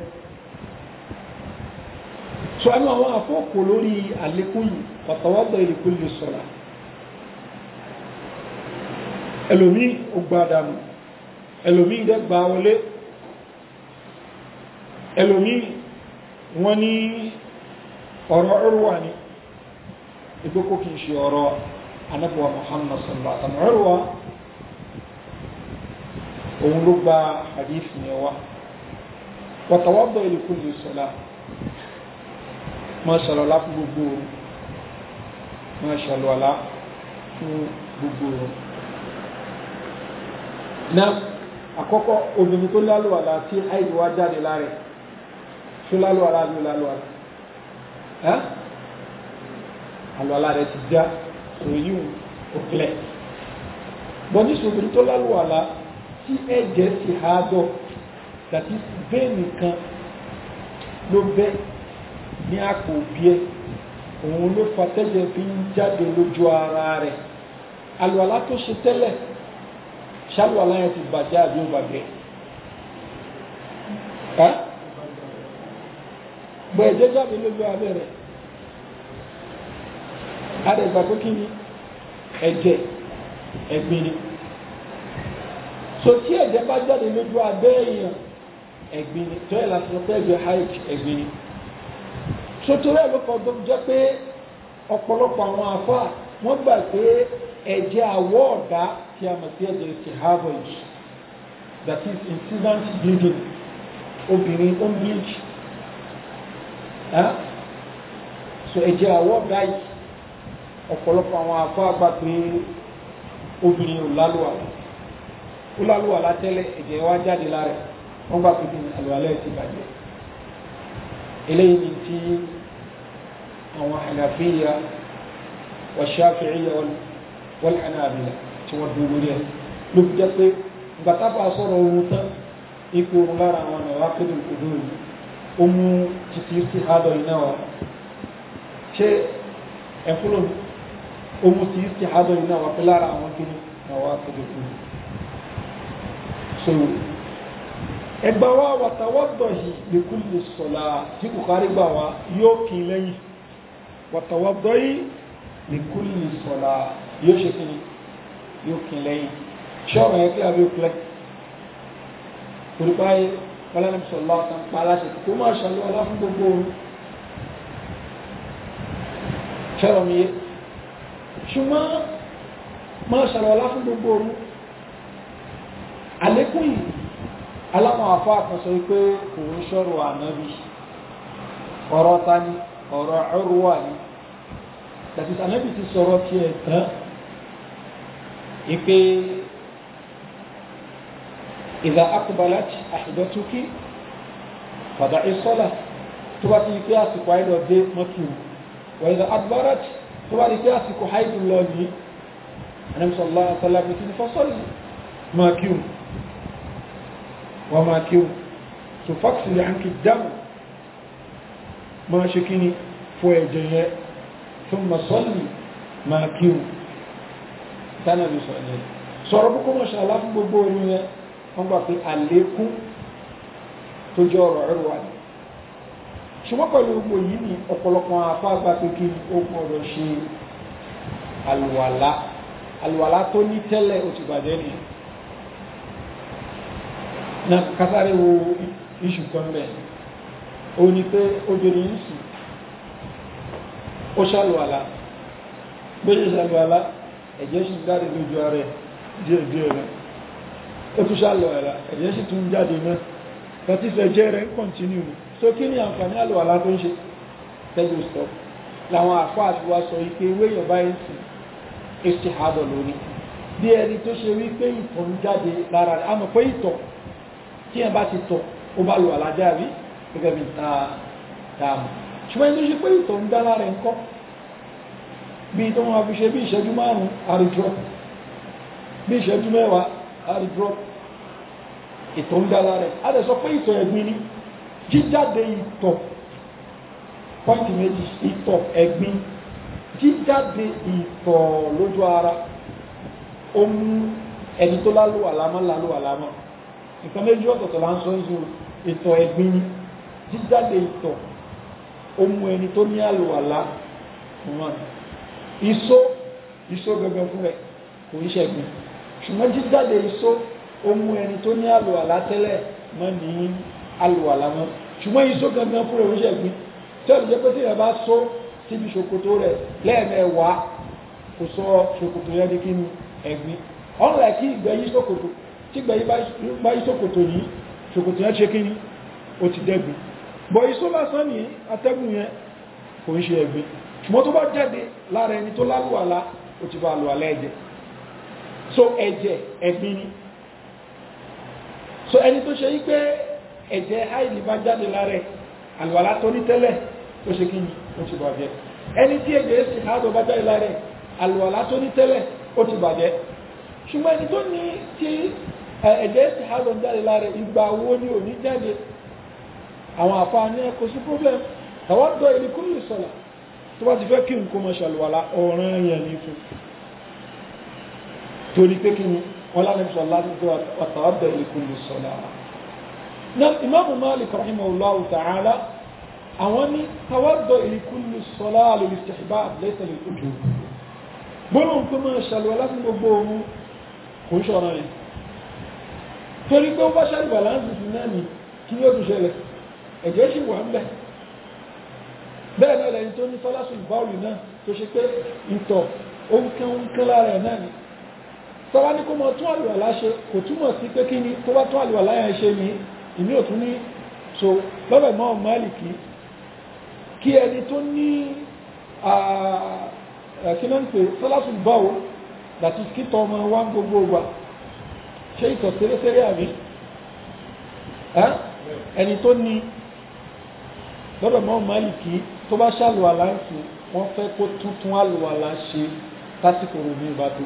سؤال الله أفوق لوري عليكم وتوضأ لكل صلاة ẹlòmí ògbàdànù ẹlòmí ìdẹ́gbà wọlé ẹlòmí wọ́n ní ọ̀rọ̀ Urwa ni ìgbókò kìí ṣe ọ̀rọ̀ anábọ̀wà Muhammad sallallahu alaihi wasallam Urwa òun ló gba hadith yẹn wá wàtàwọ́bọ̀ ma ma ṣàlọ́lá fún gbogbo rẹ̀ na àkọ́kọ́ obìnrin tó lálùwàlá tí àìwá jáde lára tó lálùwàlá ló lálùwàlá ẹ́ àlùwàlá rẹ̀ ti já òyìn òkìlẹ̀ bọ́ ní ṣòbìnrin tó lálùwàlá tí ẹ̀jẹ̀ sì há dọ̀ tàbí bẹ́ẹ̀ nìkan ló bẹ́ ní àpò òbí ẹ̀ òun ló fa tẹ́jẹ̀ fi ń jáde lójú ara rẹ̀ àlùwàlá tó ṣe tẹ́lẹ̀ ṣáàlùwà láyẹn ti bàjẹ́ àbí ó bàjẹ́ ẹ́ bọ̀ ẹ̀jẹ̀ jáde lójú abẹ́ rẹ̀ adẹ̀gbà pé kí ni ẹ̀jẹ̀ ẹ̀gbin ni so tí ẹ̀jẹ̀ bá jáde lójú abẹ́ èèyàn ẹ̀gbin ni tó yẹ láti lọ pé ẹ̀jẹ̀ haik ẹ̀gbin ni so torí ẹ̀ ló kọ́ tó jẹ́ pé ọ̀pọ̀lọpọ̀ àwọn àfáà wọ́n gbà pé ẹ̀jẹ̀ àwọ̀ ọ̀dá tí a mọ̀ sí that is incident bleeding obìnrin ó ń bleach so ẹ̀jẹ̀ àwọ̀ báyìí ọ̀pọ̀lọpọ̀ àwọn afọ àgbà pé obìnrin ò lálùwà ó lálùwà látẹ́lẹ̀ ẹ̀jẹ̀ wá jáde lára wọ́n gbà pé bí àlùwalẹ̀ ti bàjẹ́ eléyìí ti àwọn Hanafiya wa Shafi'iyya wal Hanabila tí wọ́n dúró lórí ẹ̀ ló fi jẹ́ pé ìgbà tábà sọ̀rọ̀ oorun tán ipò oorun lára àwọn ọ̀nà wákìlì òdò ó mú títí sí àádọ́ iná wa ṣé ẹ̀kúrò ó mú sí sí àádọ́ iná wa pé lára àwọn kìíní àwọn wákìlì òdò so ẹgbà wa wàtàwọ́dọ̀hì lèkúlè sọ̀lá tí Bukhari gbà wá yóò kí lẹ́yìn wàtàwọ́dọ̀hì lèkúlè sọ̀lá yóò ṣe kí ni yóò kín lẹ́yìn ṣọ́ọ̀bù yẹn kí abẹ́ òkúlẹ̀ olùkọ́ ayé ọlọ́run sọ̀lá ọ̀sán pa aláṣẹ kó máa ṣàlọ́ ọlá fún gbogbo ooru ṣọ́ọ̀rọ̀ mi yé ṣùgbọ́n máa ṣàlọ́ ọlá fún gbogbo ooru àlékún yìí aláwọ̀ afọ àkànṣe pé òun ṣọ́rọ̀ ànábì ọ̀rọ̀ ta ni ọ̀rọ̀ ọ̀rọ̀ wà ní tàbí ànábì ti sọ̀rọ̀ tiẹ̀ tán ipe ìdá akubalat àṣìdọ́túkì fàdà ìsọ́là tó bá ti pé àsìkò àìlọ dé mọ́tò wà ìdá akubalat tó bá ti pé àsìkò àìlọ lọ ní anamsọ́lá sálábì tí ní fọ́sọ́lì máa kí wọ́n máa kí tó fọ́ksì lè hankì dáhùn máa ṣe kí ni fọ́ ẹ̀jẹ̀ yẹ tó mọ̀ sọ́lì máa tánàbí sọ̀rọ̀ yẹn sọ̀rọ̀ púpọ̀ mọ̀ ṣàlá fún gbogbo orin yẹn wọ́n gbà pé àlékún tó jẹ́ ọ̀rọ̀ ẹ̀rọ wa ni ṣùgbọ́n pẹ̀lú gbogbo yìí ni ọ̀pọ̀lọpọ̀ afá gbà pé kí ó gbọ́dọ̀ ṣe àlùwàlá àlùwàlá tó ní tẹ́lẹ̀ ó ti bàjẹ́ ni na kásáré wo iṣu kan bẹ̀ ó ní pé obìnrin yìí sì ó ṣàlùwàlá gbé ṣàlùwàlá ẹ̀jẹ̀ sì jáde lójú ààrẹ díẹ̀ díẹ̀ rẹ̀ ó tún ṣàlọ ẹ̀rà ẹ̀jẹ̀ sì tún jáde náà láti fẹ́ rẹ̀ ń kọ̀ntínú so kí ni àǹfààní àlùwàlá tó ń ṣe tẹ́jú sọ làwọn àfọ́ àti wa sọ wípé ewé yọ̀bá yìí sìn èsì àádọ́ lórí bí ẹni tó ṣe wípé ìtọ̀ ń jáde lára rẹ̀ àmọ́ pé ìtọ̀ tí ẹ bá ti tọ̀ ó bá lò àlájá gẹ́gẹ́ bí ta dáàmú ṣùgbọ́n ẹni tó ṣe pé ìtọ̀ ń dá lára ẹ̀ ń kọ́ bí tó máa fi ṣe bí ìṣẹ́jú márùn-ún àrídrop bí ìṣẹ́jú mẹ́wàá àrídrop ìtọ̀ ń dá lára a lè sọ pé ìtọ̀ ẹ̀gbin ni jíjáde ìtọ̀ pọ́ǹtì méjì ìtọ̀ ẹ̀gbin jíjáde ìtọ̀ lójú ara ó mú ẹni tó lálò àlámọ́ lálò àlámọ́ nǹkan méjì ọ̀tọ̀ọ̀tọ̀ là ń sọ ń zo ìtọ̀ ẹ̀gbin ni jíjáde ìtọ̀ ó mú ẹni tó ní àlò àlá fún wọn Iso, iso gẹ́gẹ́ fún ẹ̀ kò ń ṣẹ̀gbìn ṣùgbọ́n jíjáde iṣó ó mú ẹni tó ní àlùwàlá tẹ́lẹ̀ mọ́ ní àlùwàlá mọ́ ṣùgbọ́n iṣó gẹ́gẹ́ fún ẹ̀ ń ṣẹ̀gbìn tí ọ̀dọ̀ jẹ́ pé tí ìyàbá só síbi ṣòkòtò rẹ̀ lẹ́ẹ̀mẹ́wàá kò sọ ṣòkòtò yẹn di kí ni ẹ̀gbin ọ̀nà kí ìgbẹ́ yí ṣòkòtò tí ìgbẹ́ yí bá yí ṣòkòtò yìí ṣòkòtò yẹn ṣe kí ni ó ti dẹ́gbin bọ̀ iṣó lásán ní atẹ́gùn yẹn kò ń ṣe ẹ̀gbin ṣùgbọ́n tó bá jáde lára ẹni tó lálùwàlá ó ti bá àlùwàlá ẹ̀jẹ̀ so ẹ̀jẹ̀ ẹ̀gbin ni so ẹni tó ṣe yí pé ẹ̀jẹ̀ áìlì bá jáde lára àlùwàlá tó ní tẹ́lẹ̀ ó ṣe kí ni ó ti bàjẹ́ ẹni tí ẹ̀jẹ̀ sì hádọ̀ bá jáde lára àlùwàlá tó ní tẹ́lẹ̀ ó ti bàjẹ́ ṣùgbọ́n ẹni tó ní tí ẹ̀jẹ̀ sì hádọ̀ jáde lára ìgbà wo ni ò ní jáde àwọn àfáàní ẹ̀kọ́ sí problem tàwọn dọ̀ ìlú kúrò sọ̀rọ̀ tó bá ti fẹ́ kí nǹkan mọ̀ ṣàlùwàlá ọ̀ràn yẹn ní fún torí pé kí ni wọn lánàá fi sọlá tó àtàwàbẹ ìkùnlù sọlá náà ìmáàmù Malik rahimahullahu ta'ala àwọn ní tàwàbẹ ìkùnlù sọlá lè ṣèṣìbá lẹ́sẹ̀ lè kú jù gbọ́nà ń pè mọ́ ṣàlùwàlá fún gbogbo ohun kò ń ṣọ̀rọ̀ yẹn torí pé ó bá ṣàlùwàlá ń sì náà ní kí ni ó tún ṣẹlẹ̀ ẹ̀jẹ̀ sì wà ń bẹ̀ bẹ́ẹ̀ náà lẹ́yìn tó ní fọ́lásùn báwùlù náà tó ṣe pé ìtọ̀ oúnkẹ́ lára ẹ̀ náà ni tọ́wá ní kó mọ tún àlùwàlá ṣe kò túmọ̀ sí pé kí ni tó bá tún àlùwàlá yẹn ṣe ni ìmí ò tún ní so lọ́bẹ̀ mọ́ Málìkì kí ẹni tó ní kínáǹpé fọ́lásùn báwù dàtí kítọ̀ ọmọ wa gbogbo wa ṣe ìtọ̀ sẹ́rẹ́sẹ́rẹ́ àmì ẹni tó ní lọ́bẹ̀ mọ́ Málìkì tó bá ṣàlùwàlá ń sìn wọ́n fẹ́ kó tuntun àlùwàlá ṣe tásìkò ròmí ìbá tó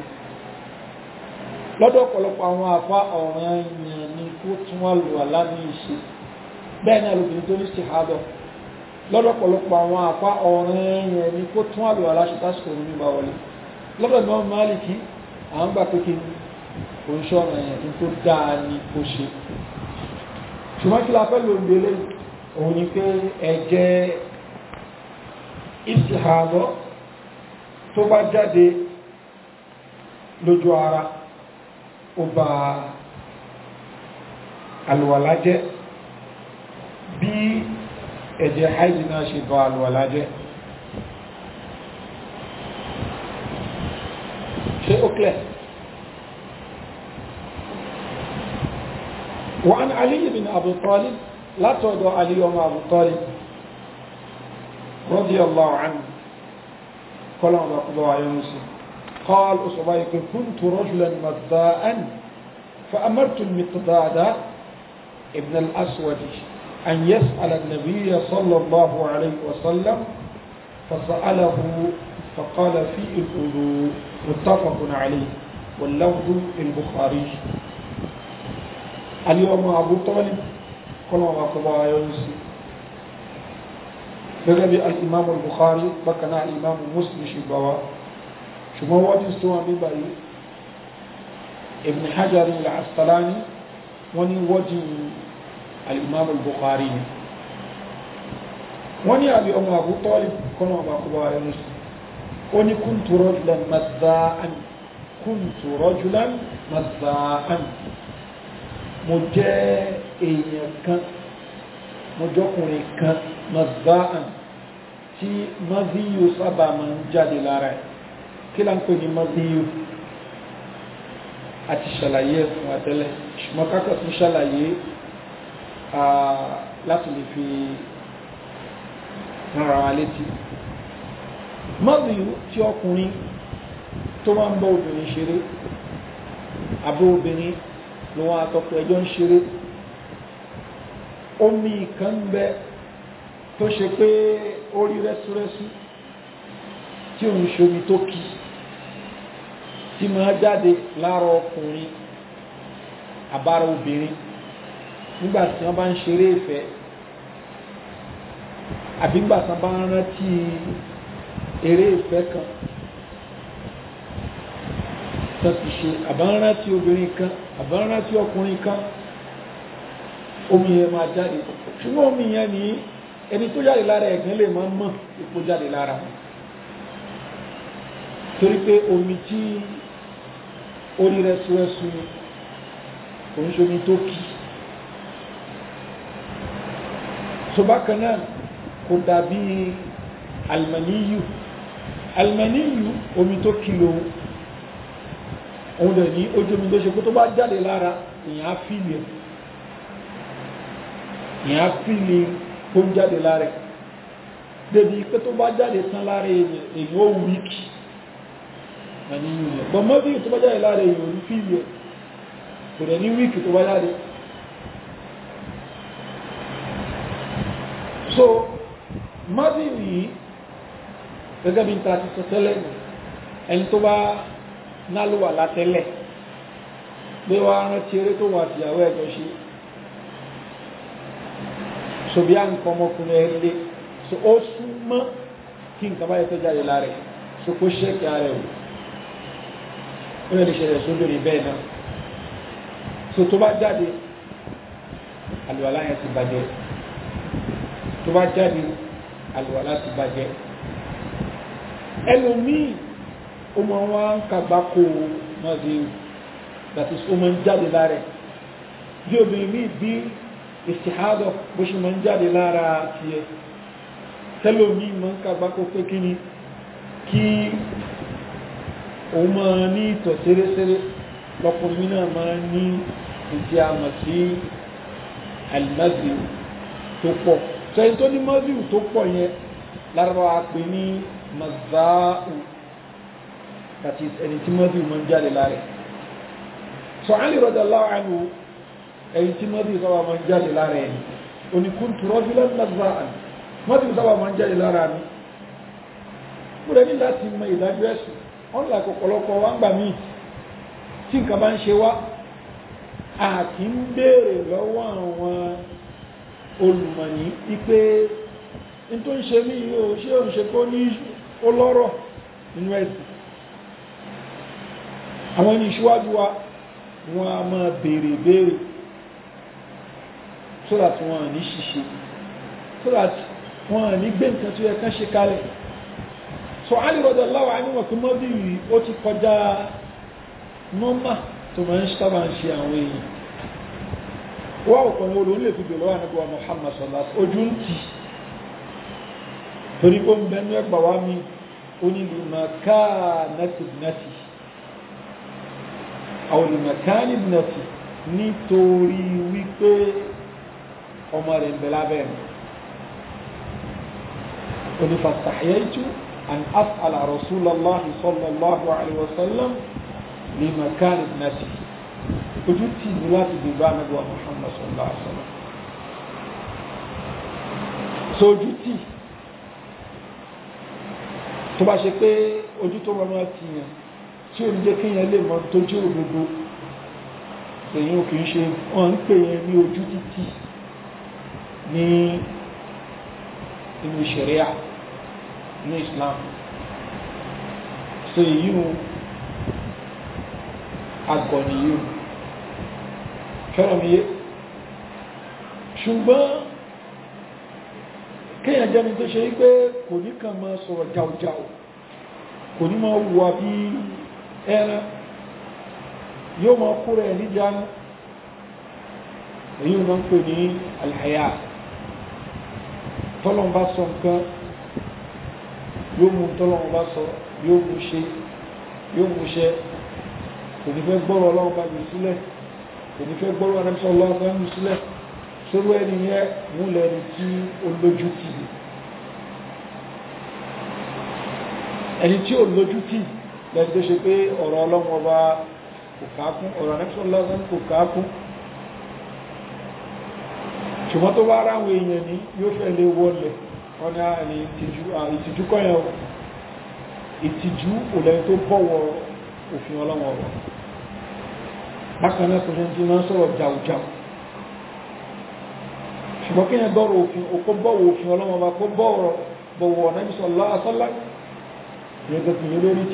lọ́dọ̀ ọ̀pọ̀lọpọ̀ àwọn àfá ọ̀ràn èèyàn ni kó tún àlùwàlá ní ìṣe bẹ́ẹ̀ ni alùbìnrin tó ní ṣe àádọ́ lọ́dọ̀ ọ̀pọ̀lọpọ̀ àwọn àfá ọ̀ràn èèyàn ni kó tún àlùwàlá ṣe tásìkò ròmí ìbá wọlé lọ́dọ̀ náà máàlìkì à ń gbà pé kí ni kò ń ṣe ọ̀ràn èèyàn tó dáa ni kó ṣe ṣùgbọ́n kí la fẹ́ lòdì eléyìí òun ni pé ẹ̀jẹ̀ há lọ lójú ara ó ba àlùwàlá jẹ́ bí ẹ̀jẹ̀ haidi náà ṣe ba àlùwàlá eje haji na ṣe ó clear وعن علي بن أبي طالب لا تعدوا علي بن أبي طالب رضي الله عنه فلما قضى يوسف قال أصبعك كنت رجلا مضاء فأمرت المقداد ابن الأسود أن يسأل النبي صلى الله عليه وسلم فسأله فقال في الأذو متفق عليه واللفظ في البخاري اليوم أبو طالب قال أقضى يوسف gẹ́gẹ́ bí al-imam al-bukhari bákan náà al-imam muslim ṣùgbọ́n wa ṣùgbọ́n wọ́n ti sọ wọn nígbà yìí ibn hajar al-asqalani wọ́n ní wọ́dí al-imam al-bukhari ni wọ́n ní àbí ọmọ abu talib kọ́nà ọba kọba rẹ̀ musu ó ní kuntu rajulan mazza'an kuntu rajulan mazza'an mo jẹ́ èèyàn kan mọ́jọ́kùnrin kan mazbaan tí maziyu sábà máa ń jáde lára ẹ̀ kí là ń pè ní maziyu àti ṣàlàyé ẹ̀fún àtẹ́lẹ̀ ṣùgbọ́n kákọ̀ tún ṣàlàyé láti lè fi rárá wa létí maziyu tí ọkùnrin tó máa ń bọ́ obìnrin ṣeré àbí obìnrin ló wọ́n atọ́kọ̀ ẹjọ́ ń ṣeré omi kan bẹ tó ṣe pé ó rí rẹ́súrẹ́sú tí òun ṣomi tó kì tí máa jáde lára ọkùnrin àbára obìnrin nígbà tí wọ́n bá ń ṣeré ìfẹ́ àbí nígbà tí wọ́n bá ń rántí eré ìfẹ́ kan tó ti ṣe àbá ń rántí obìnrin kan àbá ń rántí ọkùnrin kan omi yẹn máa jáde ṣùgbọ́n omi yẹn ní ẹni tó jáde lára ẹ̀gbìn lè máa mọ̀ epo jáde lára torí pé omi tí orí rẹ̀ súwẹ́sú ni kò ń ṣomi tó kì í so bákan náà kò dàbí almaniyu almaniyu omi tó kì lòun òun dẹ̀ ní ojú omi tó ṣe kó tó bá jáde lára èèyàn á fìlì ẹ̀ ìyàn fílì tó ń jáde lára débi pé tó bá jáde tán lára èyàn ó wíkì àníyàn rẹ̀ bọ́ mọ́ bí tó bá jáde lára èyàn ò ní fílì ẹ̀ kò rẹ̀ ní wíkì tó bá jáde so mọ́bí ní gẹ́gẹ́ bí n ta ti sọ tẹ́lẹ̀ ẹni tó bá nálùwà látẹ́lẹ̀ pé wá rántí eré tó wà tìyàwó ẹ̀jọ́ ṣe so bí a nǹkan ọmọkùnrin ẹ̀ lé so ó súnmọ́ kí nǹkan báyìí tó jáde lára ẹ̀ so kó ṣẹ́kì ara ẹ̀ wò ó lè ṣẹlẹ̀ sóbìnrin bẹ́ẹ̀ náà so tó bá jáde àlùwàlá yẹn ti bàjẹ́ tó bá jáde àlùwàlá ti bàjẹ́ ẹlòmíì ó mọ wá ń kàgbákò náà sí that is ó mọ ń jáde lára ẹ̀ bí obìnrin míì istihadọ bó ṣe ma ń jáde lára ti ẹ tẹ́lómi ma ń kàgbá kó pé kí ni kí o ma ní ìtọ̀ sẹ́rẹ́sẹ́rẹ́ lọ́kùnrin náà ma ní ìdí àmà sí almaziu tó pọ̀ sẹ́yìn tó ní maziu tó pọ̀ yẹn lárọ́ àpè ní mazau that is ẹni tí maziu ma ń jáde lára sọ Ali radallahu anhu ẹ̀yìn tí mọ́tò sábà máa ń jáde lára ẹni oníkúntù rọ́júlẹ̀ lágbà àná mọ́tò sábà máa ń jáde lára mi kúrẹ́ ní láti mọ ìdájọ́ ẹ̀sùn wọ́n là ọ̀pọ̀lọpọ̀ wa ń gbà míì tí nǹkan bá ń ṣe wá a kì ń béèrè lọ́wọ́ àwọn olùmọ̀ní wípé n tó ń ṣe mí yóò ṣé òun ṣe kó ní olọ́rọ̀ nínú ẹ̀sìn àwọn ẹni ìṣíwájú wa wọn a máa béèrè béèrè so that wọn ní ṣiṣe so that wọn ní gbé nǹkan tó yẹ kán ṣe kalẹ̀ so Ali radallahu anhu pé mọ́bí yìí ó ti kọjá nọ́mbà tó máa ń sábà ń ṣe àwọn èèyàn wọ́n ọ̀pọ̀lọpọ̀ olóhùn lè fi bèèrè wà nígbà Muhammad sallallahu ojú ń tì torí ó ń bẹnu ẹgbà wá mi onílùmọ̀ká nẹ́tìbìnẹ́tì àwọn olùmọ̀ká nítorí wípé ọmọ rẹ̀ ń bẹ lábẹ́ mi onífàtàhíyàjú an as'ala rasulallahi sallallahu alaihi wasallam ní makari nasi ojú tí ní láti bí bá nàbọ̀ muhammad sallallahu alaihi wasallam so ojú tí tó bá ṣe pé ojú tó rọrùn àti yàn tí ó ń jẹ́ kéèyàn lè mọ tó jẹ́ òdodo èyí ò kì í ṣe wọ́n ń pè yẹn ní ojú títì ní inú sharia ní islam so èyí o agọ̀nì yìí o fẹ́ràn mi yé ṣùgbọ́n kéèyàn jẹ́ni tó ṣe wípé kò ní kàn máa sọ̀rọ̀ jàújàú kò ní máa wùwà bí ẹran yóò máa kúrẹ̀ níjánu èyí o máa pè ní alhaya tọ́lọ́n bá sọ nǹkan yóò mú tọ́lọ́n bá sọ yóò mú ṣe yóò mú ṣe kò ní fẹ́ gbọ́rọ̀ ọlọ́run bá jù sílẹ̀ kò ní fẹ́ gbọ́rọ̀ ẹ̀rẹ́sọ ọlọ́run bá jù sílẹ̀ sórú ẹni yẹn múlẹ̀ ẹni tí ó lójú tì í ẹni tí ó lójú tì í lẹ́ni tó ṣe pé ọ̀rọ̀ ọlọ́run ọba kò káàkún ọ̀rọ̀ ọlọ́run kò káàkún ṣùgbọ́n tó bá ráwọn èèyàn ní yóò fẹ́ lè wọlẹ̀ ọ̀nà àrí ìtìjú kọ́yàn ìtìjú olẹ́ni tó bọ̀wọ̀ òfin ọlọ́wọ̀ ọ̀rọ̀ bákanáà kòjẹ́ tí wọ́n sọ̀rọ̀ jàújàú ṣùgbọ́n kíyàn gbọ́rọ̀ òfin òkó bọ̀wọ̀ òfin ọlọ́wọ̀ bá kó bọ̀wọ̀ bọ̀wọ̀ ọ̀nà ìṣọ̀lá asọ́lá yẹ́gbẹ̀gbẹ̀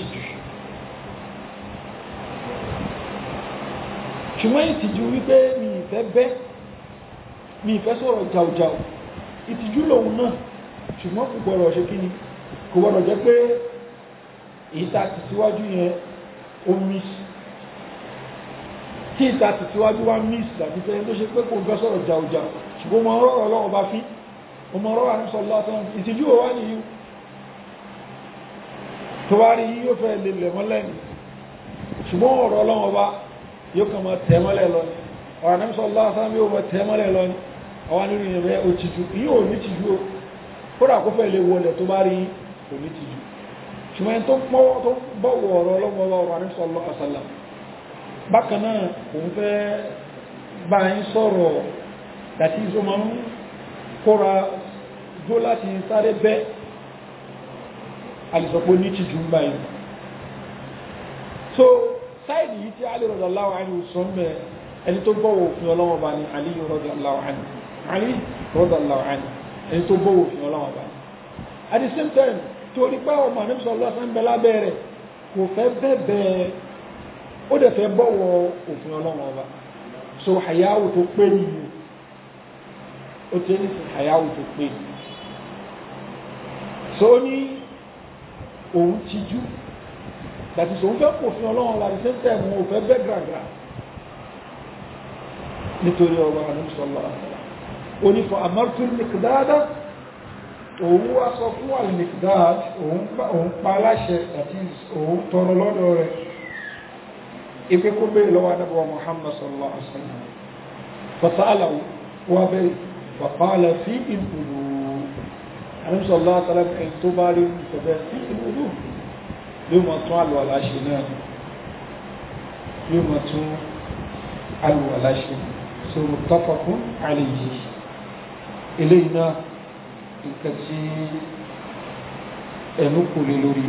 ṣùgbọ́n ìtìjú wípé ìfẹ́ bẹ́ẹ̀ mi ìfẹ́ sọ̀rọ̀ jàùjàù ìtìjú lòun náà ṣùgbọ́n kò gbọ́dọ̀ ṣe kí ni kò gbọ́dọ̀ jẹ́ pé èyí tá a ti síwájú yẹn ó miss tí ìta ti síwájú wá miss àti tẹ́yẹ tó ṣe pé kò fẹ́ sọ̀rọ̀ jàùjàù ṣùgbọ́n mo rọrọ̀ ọlọ́run bá fi ọmọ rọrọ̀ àti sọ̀lá sọ́run ìtìjú ò wá nìyí tó bá rí yóò fẹ́ lè lẹ̀ mọ́lẹ̀ ni ṣùgbọ́n ọ̀rọ̀ ọlọ́run ọba yóò kàn máa tẹ̀ mọ́lẹ̀ lọ ni ọ̀rọ̀ àti sọ̀lá sọ́run yóò máa tẹ̀ mọ́lẹ̀ lọ ni àwọn nínú ìyẹn rẹ̀ ó tìjú ìyẹn ò ní tìjú o kódà kó fẹ́ lè wọlé tó bá rí kò ní tìjú ṣùgbọ́n ẹni tó bọ̀wọ̀ ọ̀rọ̀ ọlọ́mọ ọ̀rọ̀ àrísọ̀ ọlọ́kàsálà bákan náà òun fẹ́ bá ń sọ̀rọ̀ dàtí ìṣó máa ń kóra jó láti sáré bẹ́ àlìsọ̀pọ̀ ní tìjú ń báyìí so sáìdì yìí tí alẹ́ rọ̀dọ̀ láwọn àìní ẹni tó bọ̀wọ̀ òfin ọlọ́wọ́ bá ní Ali radiyallahu anhu Ali radiyallahu anhu ẹni tó bọ̀wọ̀ òfin ọlọ́wọ́ bá ní. at the same time torí pé ọmọ àníbi sọ lọ́sàn ń bẹ lábẹ́ rẹ̀ kò fẹ́ bẹ́ẹ̀ ó dẹ̀ fẹ́ bọ̀wọ̀ òfin ọlọ́wọ́ bá so hayawu tó pé nìyí ó ti ní sí hayawu tó pé so ní òun tijú that is òun fẹ́ kò fún ọlọ́wọ́ bá at the same time òun ò fẹ́ bẹ́ẹ̀ gbàgbà nítorí ọ̀rọ̀ àníṣọ́lá onífọ̀ àmọ́tún mìkìdáadá òun wá sọ fún àlìmìkìdáad òun pa aláṣẹ àti òun tọrọ lọ́dọ̀ rẹ̀ ipé kó bèèrè lọ́wọ́ adábọ̀wà Muhammad sallallahu alaihi wasallam fọ́sálà wà bẹ́ẹ̀ fọ́pàálà fi ìbùdó àníṣọ́lá tàbí ẹni tó bá rí ìfẹ̀bẹ̀ yóò mọ̀ tún àlùwàláṣe náà so muttafaqun alayhi eléyìí náà nǹkan tí ẹnu kò lè lórí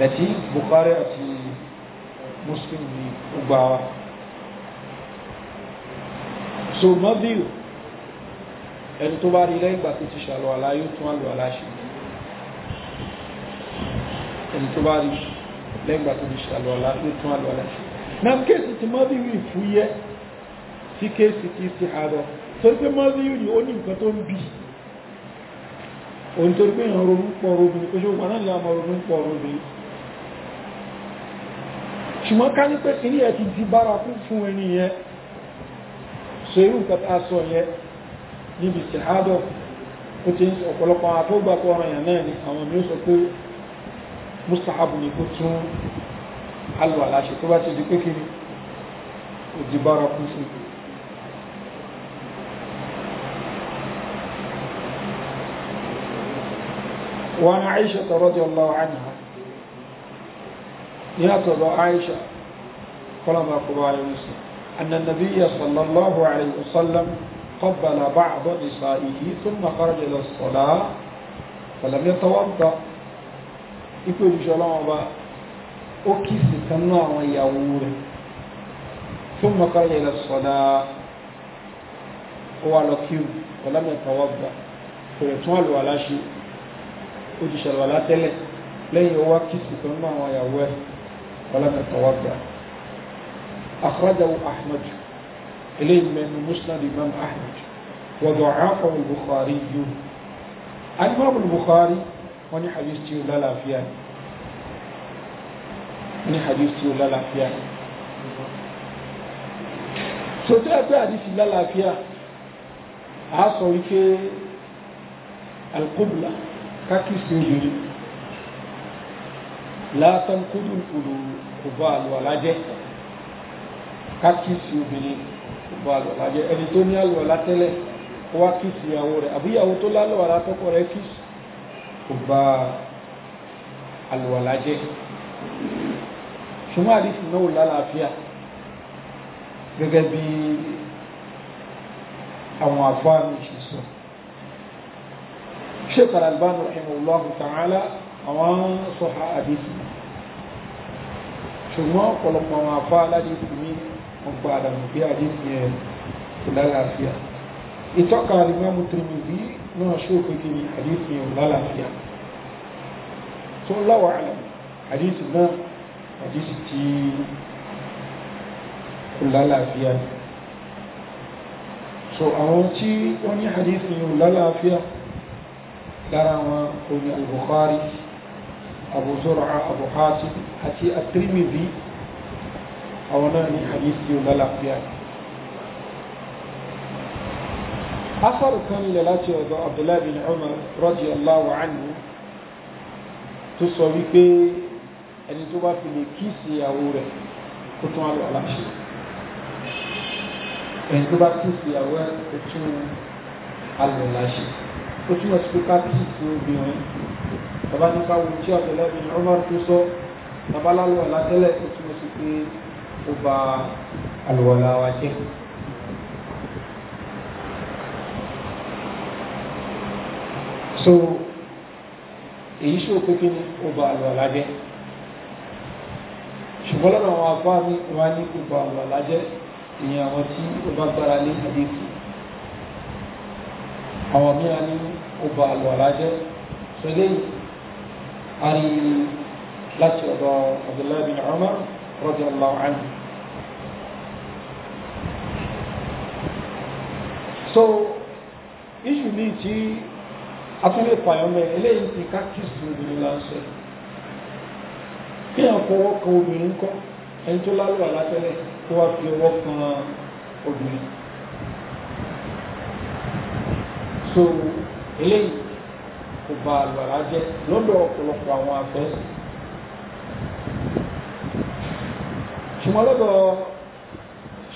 láti Bukhari àti Muslim ní ọgbà wa so mọ́bíù ẹni tó bá rí lẹ́yìn ìgbà tó ti ṣàlọ́ àlá tún àlọ́ àlá ṣe ẹni tó bá rí lẹ́yìn tó ti ṣàlọ́ àlá tún àlọ́ àlá ṣe náà kéèsì tí mọ́díwì fúyẹ́ sí kéèsì tí sí àárọ̀ torí pé mọ́díwì ó ní nǹkan tó ń bì òun torí pé ìyàn ronú pọ̀ robin kó ṣe wà náà lámọ̀ ronú pọ̀ robin ṣùgbọ́n ká ní pé kìí ẹ̀ ti di bára kú fún ẹni yẹn so irú nǹkan tá a sọ yẹn níbi sí ó ti ń ọ̀pọ̀lọpọ̀ àtọ́gbàpọ̀ ọ̀ràn yẹn náà ni àwọn mi ó sọ pé mustahabu ni kó tún alùwàlá ṣe tó bá ti di pé kí ni kò di bára kú sí وعن عائشة رضي الله عنها يأتضى عائشة قلما قبال مسلم أن النبي صلى الله عليه وسلم قبل بعض نسائه ثم خرج إلى الصلاة فلم يتوضأ يقول إن شاء الله ó kìsì kan náà àwọn ìyàwó rẹ̀ tó mọ̀kànlá ilẹ̀ sọ̀dá ó wà lọ kíù ọ̀lámẹ̀ta wà gbà kò rẹ̀ tún àlùwà láṣẹ ó ti ṣàlùwà látẹ́lẹ̀ lẹ́yìn ó wá kìsì kan náà àwọn ìyàwó rẹ̀ ọ̀lámẹ̀ta wà gbà akhrajahu ahmed eléyìí mẹ́nu imam ahmed وضعافه البخاري الإمام البخاري وني حديث لا لا فيها ní hadith tí ó lálàáfíà so tí a pé hadith lálàáfíà a sọ wípé alqubla kákìsí obìnrin lásán kúrò kúrò kò bá àlùwàlá jẹ́ kákìsí obìnrin kò bá àlùwàlá jẹ́ ẹni tó ní àlùwàlá tẹ́lẹ̀ kó wá kìsì ìyàwó rẹ̀ àbí ìyàwó tó lálùwàlá tọ́kọ rẹ̀ kìsì kò ṣùgbọ́n àdìsí náà lálàáfíà gẹ́gẹ́ bí àwọn àfáàmì ṣe sọ Sheikh Al-Albani rahimahullahu ta'ala àwọn sọ̀há àdìsí ṣùgbọ́n ọ̀pọ̀lọpọ̀ àwọn àfáà aládìsí mi wọ́n gba àdàmù bí àdìsí yẹn lálàáfíà ìtọ́ka alimamu Tirmidhi náà ṣókè kí ni àdìsí yẹn lálàáfíà tó láwàá àdìsí náà àdísì tí kò lálàáfíà so àwọn tí wọ́n ní àdísì yóò lálàáfíà lára wọn kò ní al-Bukhari Abu Zur'a Abu Hatim àti at-Tirmidhi àwọn náà ní àdísì yóò lálàáfíà أثر كان للاتي عبد الله بن عمر رضي الله عنه تصوي ẹni tó bá fi lè kíìsì ìyàwó rẹ̀ kó tún àlọ́ aláṣẹ ẹni tó bá kíìsì ìyàwó rẹ̀ kó tún àlọ́ aláṣẹ ó túmọ̀ sí pé ká kíìsì obìnrin bàbá ní ká wo tí àtẹlẹ mi ọmọ tó sọ bàbá lálọ́ àlátẹ́lẹ̀ ó túmọ̀ sí pé ó ba àlùwàlá wa jẹ́. so èyí ṣòro pé kí ó ba àlùwàlá jẹ́ ṣùgbọ́n lọ́nà àwọn afá mi wá ní gbogbo àwọn alájẹ́ ìyẹn àwọn tí ó bá gbára lé àdéhùn àwọn mìíràn ní ọba àlọ́ alájẹ́ sọlẹ́ àrí láti ọ̀dọ̀ Abdullahi bin Umar radiyallahu so iṣu ní tí a tún lè pààyàn eléyìí ti ká kìí sí obìnrin láńṣẹ́ kí ẹ̀ fọwọ́ kan obìnrin kọ́ ẹni tó lálùwà látẹ́lẹ̀ kó wá fi ọwọ́ kan obìnrin so eléyìí kò bà àlùwàlá jẹ́ lọ́dọ̀ ọ̀pọ̀lọpọ̀ àwọn afẹ́sì ṣùgbọ́n lọ́dọ̀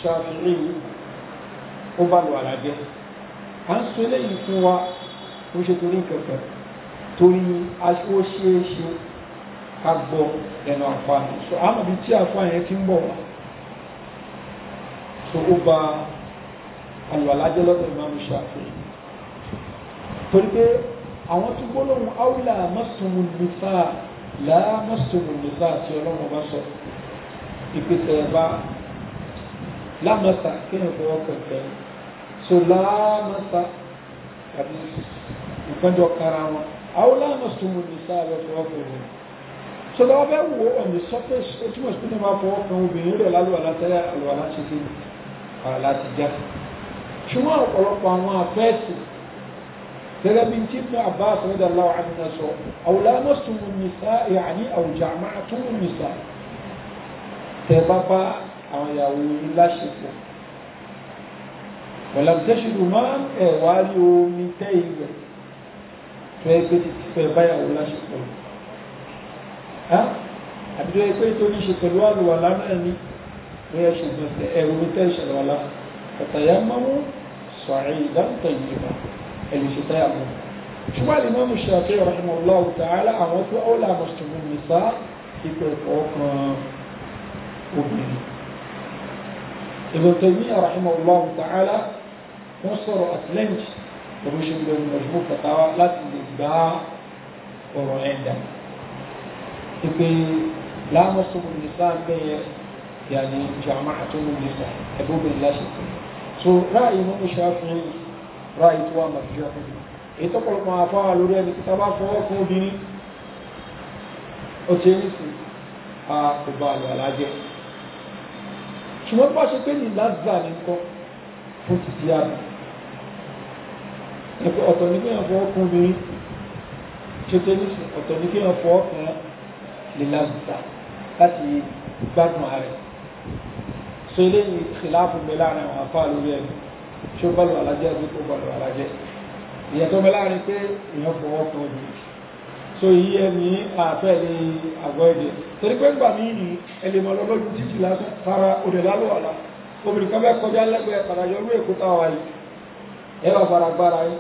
Ṣàfi'í ó bà àlùwàlá jẹ́ à ń sọ eléyìí fún wa ó ṣe torí nǹkan torí ó ṣeé ká gbọ́ ẹnu àfáàní so àwọn ibi tí àfáàní yẹn ti ń bọ̀ wá so ó ba àlùwàlájẹ́ lọ́dọ̀ ìmáàmù ṣàfẹ́ torí pé àwọn tó gbólóhùn áwùlà mọ́sùnmù nìfà làá mọ́sùnmù nìfà tí ọlọ́run bá sọ ìpèsè ẹ̀bá lámọ́sà kí ni fọwọ́ kẹ̀kẹ́ so lámọ́sà tàbí ìfẹ́jọ́ kára wọn áwùlà mọ́sùnmù nìfà lọ́fọwọ́ kẹ̀kẹ́ sọlá wọn bẹ wo on the surface ó túmọ̀ sí pé ní wọn bá fọwọ́ kan obìnrin rẹ̀ lálùwà látẹ́yà àlùwà láti ṣe láti já ṣùgbọ́n ọ̀pọ̀lọpọ̀ àwọn àfẹ́ẹ̀sì gẹ́gẹ́ bí tí ibn abbas rẹ̀dà láwọ̀ àmìnà sọ àwòlánà súnmù nìsá ìhàní àwùjá máa túnmù nìsá tẹ̀bá bá àwọn ìyàwó yìí láṣepọ̀ wọ̀làbùtẹ́ṣùdù máa ń ẹ̀wà rí omi tẹ́ ìwẹ̀ tó ẹgbẹ́ ti fẹ́ báyàwó láṣepọ̀ àbí lóye pé tó ní ṣe pẹ̀lú àlùwàlá náà ni lóye ṣe gbọ̀nsẹ̀ ẹ̀rù tẹ́ ìṣẹ̀lẹ̀wàlá ọ̀tàyà mọ́mú sọ̀rọ̀ ìdáǹtọ̀ yìí bá ẹ̀lú ṣe táyà mọ́ ṣùgbọ́n lè mọ́mú ṣe àfihàn rahimahullahu ta'ala àwọn tó ó là mọ̀ṣùmù nìsá ipò ẹ̀kọ́ kan obìnrin Ibn Taymiyyah rahimahullahu ta'ala wọ́n sọ̀rọ̀ àtìlẹ́yìn pẹ̀lú ṣe gbẹ̀rù mọ̀ṣùmù láti lè gbá ọ̀rọ̀ ẹ̀dá pípé lámọ́sọ̀rọ̀ nìsá bẹ́yẹ yàní jàmá àtúnú nìsá ẹgbóbìnrin lásìkò so ráàyè mú mi ṣàfihàn ráàyè tó wà màfíà fún mi èyí tó pọ̀lọpọ̀ àfáà lórí ẹni tí tábà fọwọ́ fún obìnrin ó ti ní sí a kò bá àlọ́ alájẹ ṣùgbọ́n bá ṣe pé ní lázà ní kọ́ fún títí àbí ọ̀tọ̀ ní kéèyàn fọwọ́ fún obìnrin ṣe tẹ́ sí ọ̀tọ̀ ní kéèyàn fọwọ́ fún ẹ́ lílàzùtà láti gbádùn ààrẹ so eléyìí ìlàfù mi láàrin àwọn afá lórí ẹni tí ó bọ́lù alájẹ́ bí kò bọ́lù alájẹ́ ìyàtọ̀ mi láàrin pé èèyàn fọwọ́ kan ojú so èyí ẹni àfẹ́ lè àgọ́ ẹ̀jẹ̀ torí pé gbà mí ní ẹlẹ́mọ̀ lọ́lọ́dún títì lásán fara òdè lálọ́ọ̀lá obìnrin kan bẹ́ẹ̀ kọjá lẹ́gbẹ̀ẹ́ padà yọrú èkó táwa yìí ẹwà faragbára yìí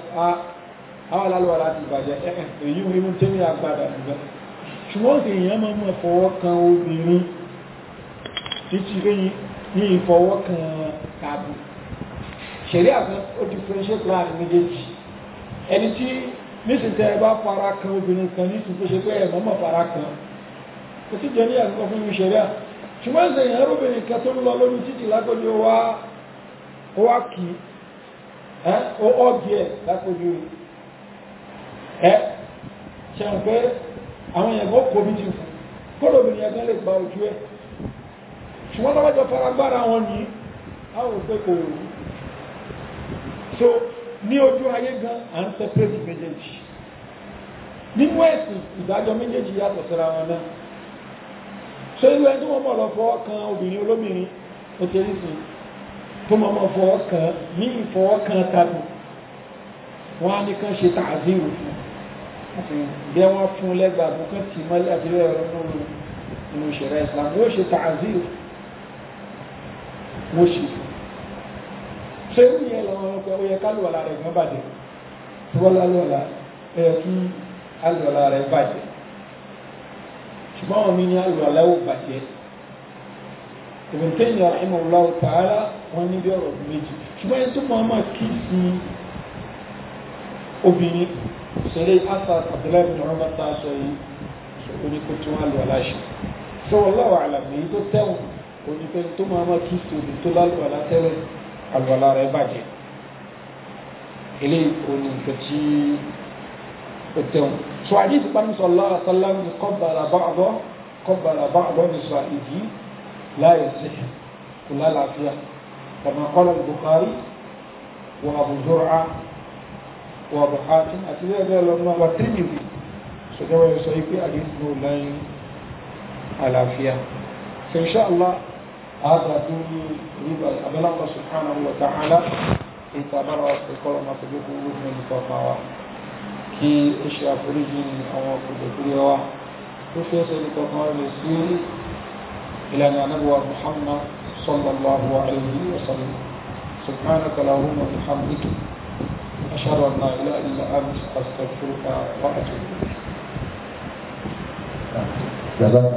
àwọn alálùwà láti ìbàjẹ́ ẹ̀ẹ́ èyí ń rí mú tẹ́mi àgbàdà nìgbà ṣùgbọ́n sì èèyàn máa mọ́ fọwọ́ kan obìnrin títí ní ìfọwọ́ kan tàbí ṣẹ̀rí àgbọn ó differentiate méjèèjì ẹni tí nísìntẹ́ bá fara kan obìnrin kan ní ìsìnkú pé ẹ̀ mọ́mọ́ fara kan kò jẹ́ ní àkọ́kọ́ fún ṣẹ̀rí à ṣùgbọ́n sì èèyàn obìnrin kan tó ń lọ lórí títì lágbọ́dọ̀ wá kì ó ọ́gì ẹ̀ lágbọ́dọ̀ ẹ̀ ṣẹ̀ǹpẹ́ àwọn èèyàn kan kò bí ti kódò obìnrin ẹ̀gán lè gba ojú ẹ̀ ṣùgbọ́n lọ́wọ́jọ́ faragbára wọn ní àwọn òpé kò rú so ní ojú ayé gan à ń separate méjèèjì nínú ẹ̀sìn ìdájọ́ méjèèjì yàtọ̀ síra wọn náà so irú ẹni tó mọ̀ lọ fọwọ́ kan obìnrin olóbìnrin ó ti rí sí tó mọ̀ fọwọ́ kan ní ìfọwọ́ kan tàbí wọn á ní kan ṣe tààzírù fún bí wọ́n fún lẹ́gbàá àbúkọ́ tì mọ́lẹ̀ àti bẹ́ẹ̀ rọ nínú inú ìṣẹ̀rẹ́ Islam yóò ṣe tààzír mo ṣì ṣé ó yẹ lọ́wọ́ pé ó yẹ kálùwàlà rẹ̀ gan bàjẹ́ tí wọ́n lálùwàlà ẹ̀ kí alùwàlà rẹ̀ bàjẹ́ ṣùgbọ́n àwọn mi ní alùwàlà ó bàjẹ́ Ibn Taymiyyah rahimahullahu ta'ala wọ́n ní ọ̀rọ̀ méjì ṣùgbọ́n ẹni tó mọ̀ kí sí obìnrin sẹ́lẹ̀ asad abdullahi bin umar ta sọ yìí oní kò tún àlọ́ aláṣẹ sọ wallahu a'lam èyí tó tẹ̀wọ̀n oní pé tó máa máa kí tòbi tó lálọ́ àlá tẹ́lẹ̀ àlọ́ àlá rẹ̀ bàjẹ́ eléyìí oní nǹkan tí ó tẹ̀wọ̀n sọ àdìsí pàmì sọlá àtàlá ní kọ́bàrà báàbọ̀ kọ́bàrà báàbọ̀ ní sọ ìdí láyé sí kò lálàáfíà kàmá qala al-Bukhari wà bàhátí àti bẹ́ẹ̀ bẹ́ẹ̀ lọ́nà wà tírìmìtì ṣùgbọ́n yóò sọ pé àdínkù lẹ́yìn àlàáfíà so insha Allah àádọ́dún ríbà abẹ́láwọ̀ subhanahu wa ta'ala ìtàbára ìkọlọ̀ máa fi gbogbo owó ní ìfọ̀pá wa kí ó أشهد أن لا إله إلا أنت أستغفرك وأتوب جزاكم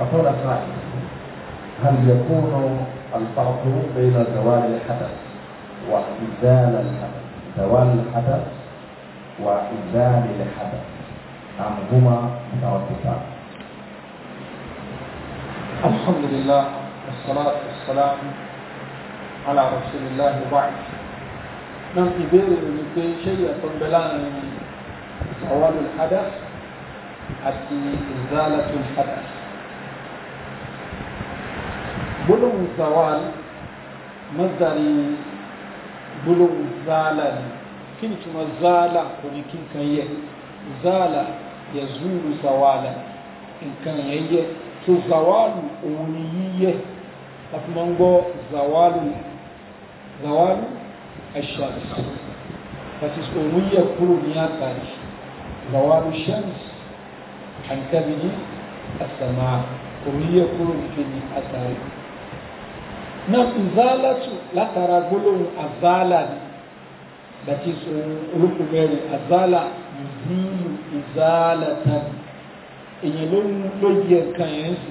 أقول السؤال هل يكون الفرق بين زوال الحدث وإزال الحدث زوال الحدث وإزال الحدث أم هما متوقفان الحمد لله والصلاة والسلام على رسول الله وبعد من كبير من ni شيء ṣé زوال الحدث أتي إزالة الحدث gbólóhùn zawal mọ́sàrí gbólóhùn zaala ni kí ni túnmọ̀ zaala kò ní kí nǹkan yẹ zaala yẹ zúlù zawala nǹkan yẹn yẹ so zawalu òun ni yíyẹ láti máa ń gbọ́ zawalu zawalu ashams láti òun yẹ kúrò ní àtàrí zawalu shams àǹtàbí ní àsàmà òun yẹ kúrò ní àtàrí náà ìzálàtù látara gbólóhùn àzálà ni dàtí orúkọ mẹ́rin àzálà ìzílù ìzálàtà ni èyàn ló ń lóye ẹ̀kan yẹn sí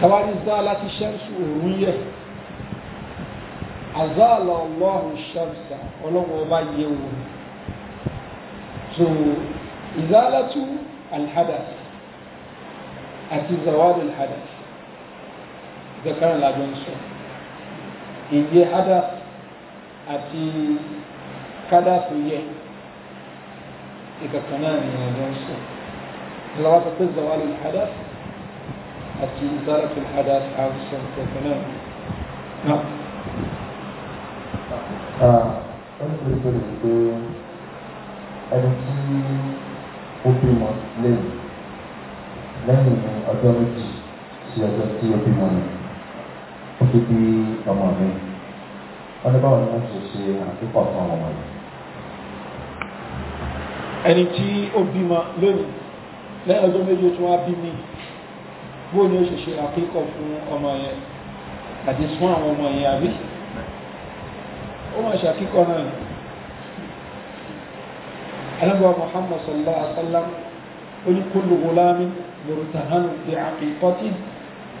tàwárí zálà ti ṣẹ́ǹsù òun yẹ àzálà ọlọ́run ṣẹ́ǹsà ọlọ́run ọba yẹ wò so ìzálàtù alhadas àti zawadu alhadas ذكر لجنسه إن جي حدث أتي كذا في إذا كان من الجنس لغة الزوال الحدث أتي إزالة الحدث أو سنة كنا نعم آه، أنا أريد أن أقول أن أنت أبي لي لن أدرك سيادتي أبي ó ti di ọmọ mi wọ́n ní báwọn ni wọ́n ti ṣe àtúpọ̀ tán ọmọ yìí. ẹni tí ó bímọ lónìí lẹ́yìn ọjọ́ méjì ó tún wá bí mi bó ni ó ṣe ṣe àkíkọ̀ fún ọmọ yẹn àti fún àwọn ọmọ yẹn àbí ó máa ṣe àkíkọ̀ náà ni alábọ̀ Muhammad sallallahu alaihi wa sallam ó ní kullu ghulamin yorùtà bí àkíkọ̀ tí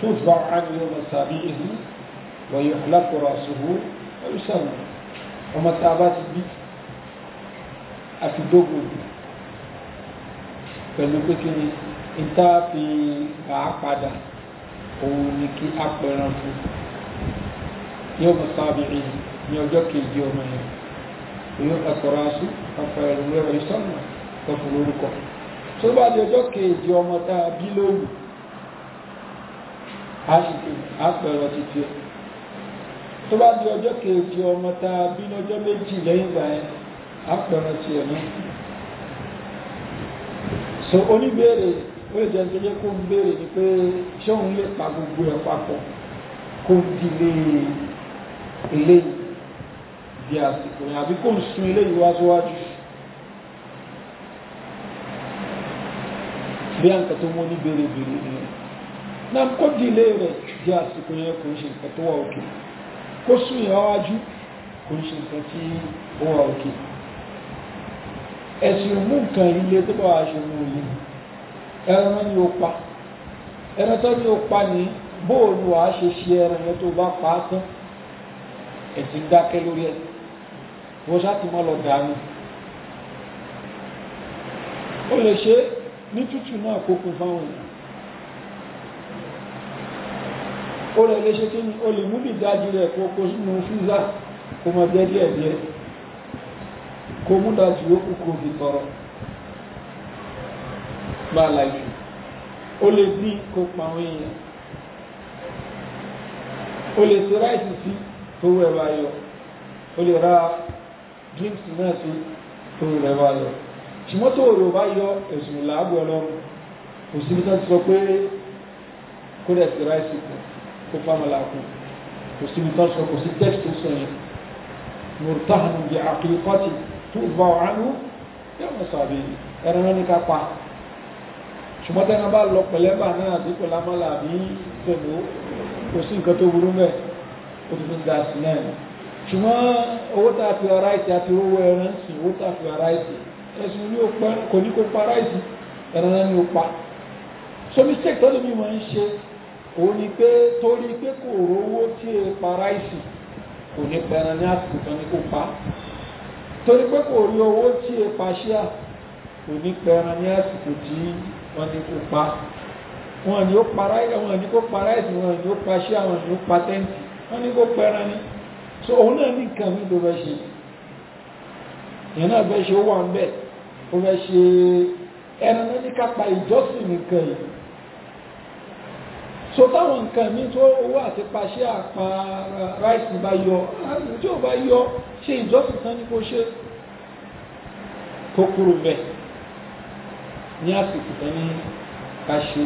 تتبع عن يوم سابيه ويحلق رأسه ويسمى ọmọ tá a bá ti bí àfidógún pẹ̀lú pé kí ni níta fi bá a padà òun ni kí a pẹran fún ní ọmọ sábìrì ní ọjọ́ kejì ọmọ yẹn èèyàn kàkọ́rọ́ aṣọ ọ̀pọ̀ ẹ̀rù mẹ́wàá ìṣọ́nà tó fún lórúkọ tó bá di ọjọ́ kejì ọmọ tá a bí lónìí àpẹẹrọ ti tiẹ̀ tó bá di ọjọ́ kejì ọmọ tá a bí lọ́jọ́ méjì lẹ́yìn ìgbà yẹn àpẹẹrọ tiẹ̀ náà so oníbèrè ó lè jẹ́ ń tẹ́jẹ́ kó ń béèrè ni pé ṣé òun lè pa gbogbo ẹ̀ papọ̀ kó dìlé eléyìí bí àsìkò yẹn àbí kó ń sun eléyìí wá síwájú bí àǹkà tó mú oníbèrè bèrè nìyẹn na kó dìlé rẹ̀ di àsìkò yẹn kò ń ṣe nǹkan tó wà òkè kó sún yẹn wájú kò ń ṣe nǹkan tí ó wà òkè ẹ̀sìn mú nǹkan ilé tó bá wà ṣe mú ilé ẹran ni ó pa ẹran tó ní pa ní bóòlù wàá ṣe ṣe ẹran tó bá pa á tán ẹ̀sìn dákẹ́ lórí ẹ̀ wọ́n ṣàtìmọ́ lọ dànù ó lè ṣe ní tútù náà kókun fáwọn èèyàn ó rẹ̀ lè ṣe kí ni o lè mú bí dájú rẹ̀ kó kó sínú fíza kó mọ jẹ́ díẹ̀ díẹ̀ kó mú dájú ó kú kó fi tọrọ bá a láyé lè bí kó pa àwọn èèyàn o lè ṣe ráìsì sí owó ẹ̀rọ ayọ̀ o lè ra drinks náà sí owó ẹ̀rọ ayọ̀ ṣùgbọ́n tó rò bá yọ ẹ̀sùn làágbọ̀ ọlọ́run kò síbi tó sọ pé kó dẹ̀ ṣe ráìsì kan kó fámọ́lá kù kò síbi tó sọ kò sí tẹ́kìtì sọ yẹn murtahanu bi aqiqati tó bá wà ánú yóò mọ̀ sàbí ẹran ní ká pa ṣùgbọ́n tẹ́ka bá lọ pẹ̀lẹ́bà náà sí pẹ̀lá mọ́lá àbí pẹ̀lú kò sí nǹkan tó burú mẹ́ ó ti fi ga sí náà ṣùgbọ́n owó tá a fi ara ìsì àti owó ẹran sí owó tá a fi ara ìsì ẹ̀sùn ní kò ní kó pa ara ìsì ẹran ní ó pa so mistake tó lè mi máa ń ṣe òun ni pé torí pé kò rówó tí e para ìsìn kò ní pẹran ní àsìkò tán ní kó pa torí pé kò rí owó tí e pàṣíà kò ní pẹran ní àsìkò tí wọ́n ní kó pa wọn ni ó para wọn ni kó para ìsìn wọn ni ó pàṣíà wọn ni ó patẹ́ǹtì wọ́n ní kó pẹran ní so òun náà ní nǹkan mi ló fẹ́ ṣe ìyẹn náà fẹ́ ṣe ó wà ń bẹ̀ ó fẹ́ ṣe ẹran náà ní kápá ìjọsìn nìkan yìí so táwọn nǹkan mi tó owó àti paṣẹ àpá ráìsì bá yọ tí ò bá yọ ṣe ìjọsìn kan ní kó ṣe kókóró bẹ́ẹ̀ ní àsìkò tán ní ká ṣe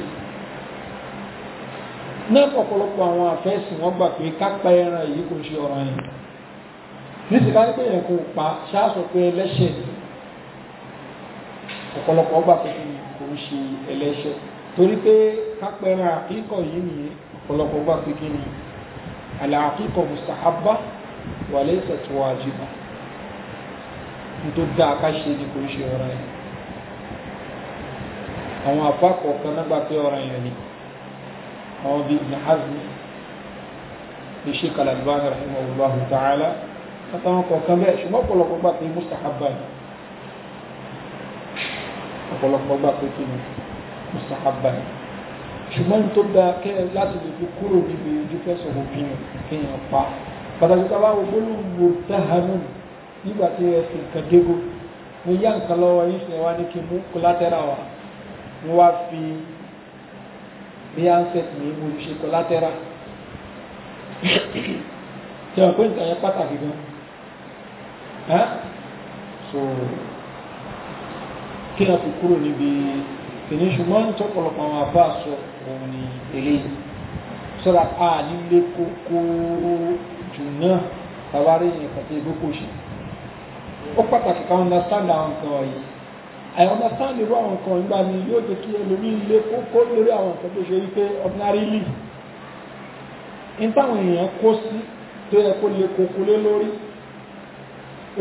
náà ọ̀pọ̀lọpọ̀ àwọn àfẹ́sì wọ́n gbà pé kápá ẹran yìí kò ṣe ọ̀ràn yìí nítorí ká pé ẹ̀kọ́ pa ṣáàsọ pé ẹlẹ́ṣẹ̀ ọ̀pọ̀lọpọ̀ gbà pé kò ń ṣe ẹlẹ́ṣẹ̀ torí pé kápẹ́rẹ́ àkíkọ̀ yìí ni ọ̀pọ̀lọpọ̀ bá fi kí ni àlàáfíkọ̀ mùsàábà wà lẹ́sẹ̀ tó wà jìbà tó dá a ká ṣe ni kò ń ṣe ọ̀rọ̀ yẹn àwọn apá kọ̀ọ̀kan náà gbà pé ọ̀rọ̀ yẹn ni àwọn bíi ibn hazmi bíi sheikh al-albani rahimahullahu ta'ala àtàwọn kọ̀ọ̀kan bẹ́ẹ̀ ṣùgbọ́n ọ̀pọ̀lọpọ̀ gbà pé mùsàábà ọ̀pọ̀lọpọ̀ gbà pé kí ni mùsàhábà yìí ṣùgbọ́n tó da kẹ́ láti lè fi kúrò níbi difference of opinion kéèyàn pa pàtàkì tá a bá wo gbólóhùn dáhánù nígbà tí ẹ fi nǹkan dégò mo yá nǹkan lọ́wọ́ yín ṣe wá ní kí mú collateral wa mo wá fi bí ansẹ́t mi mo ṣe collateral tí wọ́n pè nǹkan yẹn pàtàkì gan so kí wọ́n fi kúrò níbi tèyí ṣùgbọ́n tó pọ̀lọpọ̀ àwọn àbá sọ òun ni eléyìí sọ́dà a nílé kókó jù náà tàbárí ìpàtẹ ìgbókò ṣe ó pàtàkì ká understand àwọn nǹkan yìí i understand irú àwọn nǹkan yìí gbà ní yóò jẹ́ kí ẹlòmíì lé kókó lórí àwọn nǹkan tó ṣe wípé ordinarily in táwọn èèyàn kó sí tó yẹ kó lè kókó lé lórí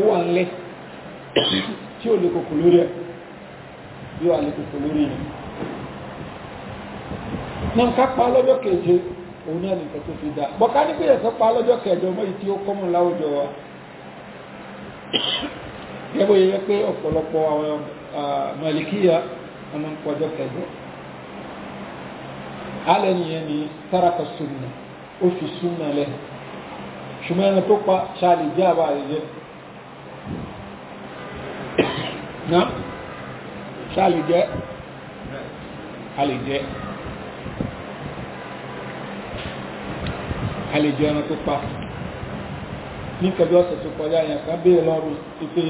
ó wà lẹ tí ò lè kókó lórí ẹ̀ yóò alẹ́ kòkò lórí rẹ̀ náà ká pa lọ́jọ́ keje òun náà nìkan tó fi dá bọ́ká ní pèyẹ̀ sọ́pa lọ́jọ́ kẹjọ mọ́ ìtí ó kọ́mù láwùjọ wa gẹ́gbẹ́ yẹ pé ọ̀pọ̀lọpọ̀ àwọn mọ̀lìkíyà ọmọ pọ̀jọ́ kẹjọ alẹ́ nìyẹn ni táraka sunna ó fi sunna lẹ́ ṣùgbọ́n ẹni tó pa ṣáàlì jẹ́ àbá àlejẹ́ náà ṣá lè jẹ́ a lè jẹ́ a lè jẹ́ ẹran tó pa ní kẹbí ọ̀sẹ̀ tó kọjá yẹn kan béèrè lọ́rùn pípé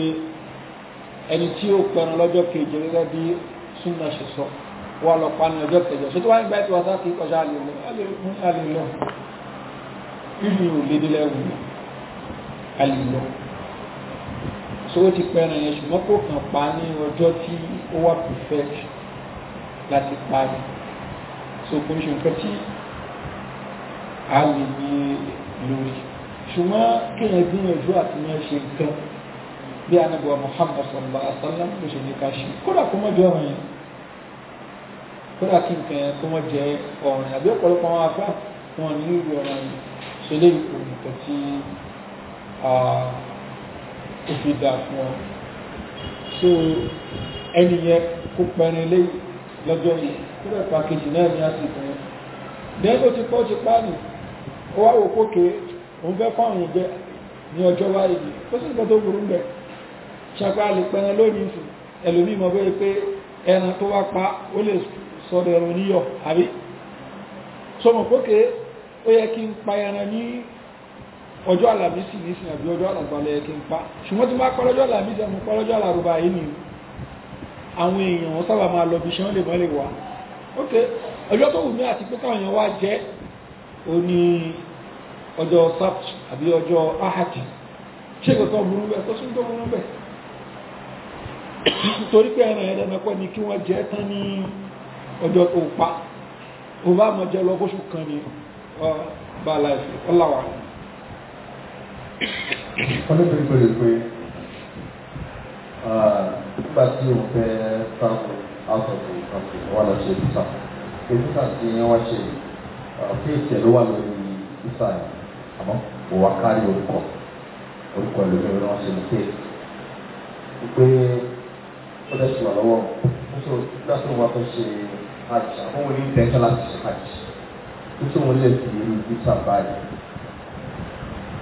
ẹni tí ó pẹran lọ́jọ́ kejì gẹ́gẹ́ bí súnmọ́ ṣe sọ wọ́n lọ pa ní ọjọ́ kẹjọ ṣé tó wáyé gbá ètò ọ̀sá kí kọjá lè lọ a lọ so ó ti pẹran yẹn ṣùgbọ́n kò kàn pa ní ọjọ́ tí ó wà perfect láti parí so kò ní ṣe nǹkan tí a lè ní lórí ṣùgbọ́n kéèyàn gbìyànjú àti máa ṣe nǹkan bí anábọ̀ Muhammad sallallahu alaihi wasallam ló ṣe ní ká ṣe kódà kó mọ́jọ́ ọ̀rọ̀ yẹn kódà kí nǹkan yẹn kó mọ́ jẹ ọ̀rìn àbí ọ̀pọ̀lọpọ̀ àwọn afá wọn ní ìlú ọ̀rọ̀ yẹn ṣe lè kó nǹkan tí ah, ó fi dà fún ọ so ẹni yẹn kó pẹrin lé lọ́jọ́ yìí kó rẹ̀ pàkejì náà ní àsìkò yẹn lẹ́yìn tó ti pọ́ ti páàlì ó wá wò kókè òun fẹ́ fáwọn ìjẹ ní ọjọ́ wáyé yìí ó sì nǹkan tó burú bẹ̀ ṣapá lè pẹran lónìí sí ẹlòmíì mọ̀ bẹ́ẹ̀ pé ẹran tó wá pa ó lè sọ̀rọ̀ ẹ̀rọ níyọ̀ àbí sọmọ̀ kókè ó yẹ kí n pa ẹran ní ọjọ́ àlàmísì ní ìsìn ọjọ́ àlàgbàlẹ̀ ẹ̀kẹ́ ń pa ṣùgbọ́n tí máa pọ́lọ́jọ́ àlàmísì àmú pọ́lọ́jọ́ àlàrúbá yìí ni àwọn èèyàn wọ́n sábà máa lọ bí ṣe wọ́n lè mọ́lẹ̀ wá ok ọjọ́ tó wù mí àti pé káwọn èèyàn wá jẹ́ ó ní ọjọ́ sapt àbí ọjọ́ ahadi ṣé kò tán burú bẹ́ẹ̀ tó sún tó burú bẹ́ẹ̀ torí pé ẹran ẹ̀rẹ́ mẹ́kọ́ ni kí wọ́n jẹ́ tán ní ọjọ́ tó pa òun bá mọ̀ jẹ́ lọ bóṣù kan ní Ọlọ́bìnrin bèrè pé ah, nígbà tí òun fẹ́ travel out of the country wọ́n lọ ṣe visa. Ṣé visa tí wọ́n ṣe fún ah, ìtẹ̀ ló wà lórí visa yìí àmọ́ kò wá kárí orúkọ orúkọ ìlú mi wọ́n ṣe ní pé pé ó lè ṣe wà lọ́wọ́ nítorí nígbà tí òun wá fẹ́ ṣe hajj àmọ́ òun ní intention láti ṣe hajj nítorí òun lè fi irú visa báyìí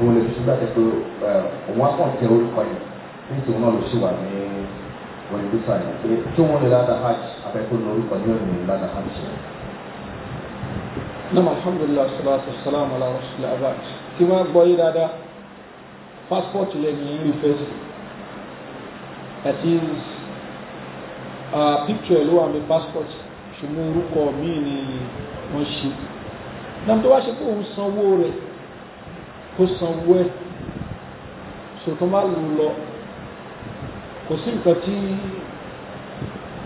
òun lè tuntun láti pé eh, òun á kàn tẹ orúkọ yẹn nítorí òun náà ló ṣì wà ní wọlébísà yẹn pé tí òun lè ládàá hajj abẹ́kọ́ ní orúkọ ní òun lè ládàá hajj yẹn. nam alhamdulilah salatu salam ala rasulillah abaj tí wọ́n gbọ́ yí dáadáa passport lẹ́yìn yìí rí fẹ́sì that is uh, picture ló wà ní passport ṣùgbọ́n orúkọ míì ni wọ́n ṣe. nam tó wá ṣe pé òun sanwó rẹ̀ kó sanwó ẹ̀ so tó má lò lọ kò sí nǹkan tí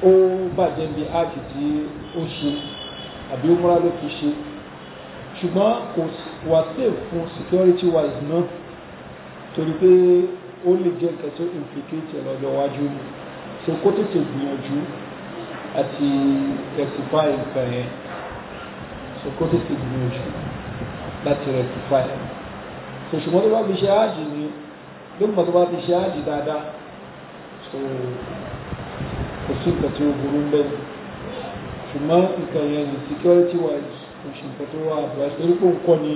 ó bàjẹ́ bí áàkì tí ó ṣe àbí ó múra ló fi ṣe ṣùgbọ́n kò wà safe fún security wise náà torí pé ó lè jẹ́ nǹkan tó implicate lọ́jọ́ iwájú ni so kó tètè gbìyànjú àti rectify nǹkan yẹn so kó tètè gbìyànjú láti rectify nǹkan so ṣùgbọ́n tó bá fi ṣe áàjì ni lóògbà tó bá fi ṣe áàjì dáadáa so kò sí nǹkan tí ó burú ń bẹ́ẹ̀ ṣùgbọ́n nǹkan yẹn ní security wise kò sí nǹkan tó wà àbúrà torí pé nǹkan ni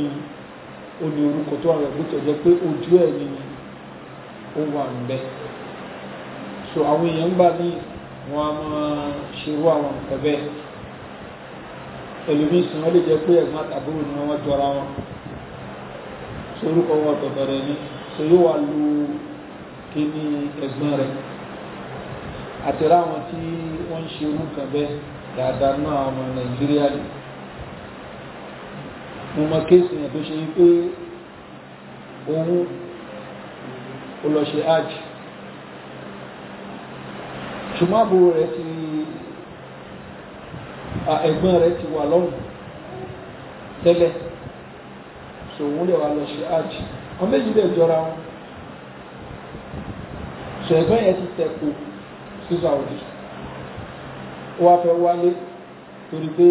ó ní orúkọ tó wà rẹ̀ bó tẹ̀ jẹ́ pé ojú ẹ̀ ni ó wà ń bẹ́ so àwọn èèyàn gbà ní wọn a máa ṣerú àwọn nǹkan bẹ́ẹ̀ ẹlòmíì sìn wọ́n lè jẹ́ pé ẹ̀gbọ́n àtàbúrò ni wọ́n jọra wọn sorúkọ wọn ọ̀tọ̀ọ̀tọ̀ rẹ̀ ni so yóò wá lu kíní ẹ̀gbọ́n rẹ̀ àti ráwọn tí wọ́n ń ṣe orúkàn bẹ́ẹ̀ dáadáa náà ọmọ nàìjíríà ni mo mọ kéèsì yẹn tó ṣe wípé òun ó lọ ṣe ṣùgbọ́n rẹ̀ ti ẹ̀gbọ́n rẹ̀ ti wà lọ́rùn tẹ́lẹ̀ so òun lè wà lọ ṣe hajj àwọn méjì lè jọra wọn so ẹ̀gbọ́n yẹn ti tẹ̀kù sí Saudi ó wá fẹ́ wálé torí pé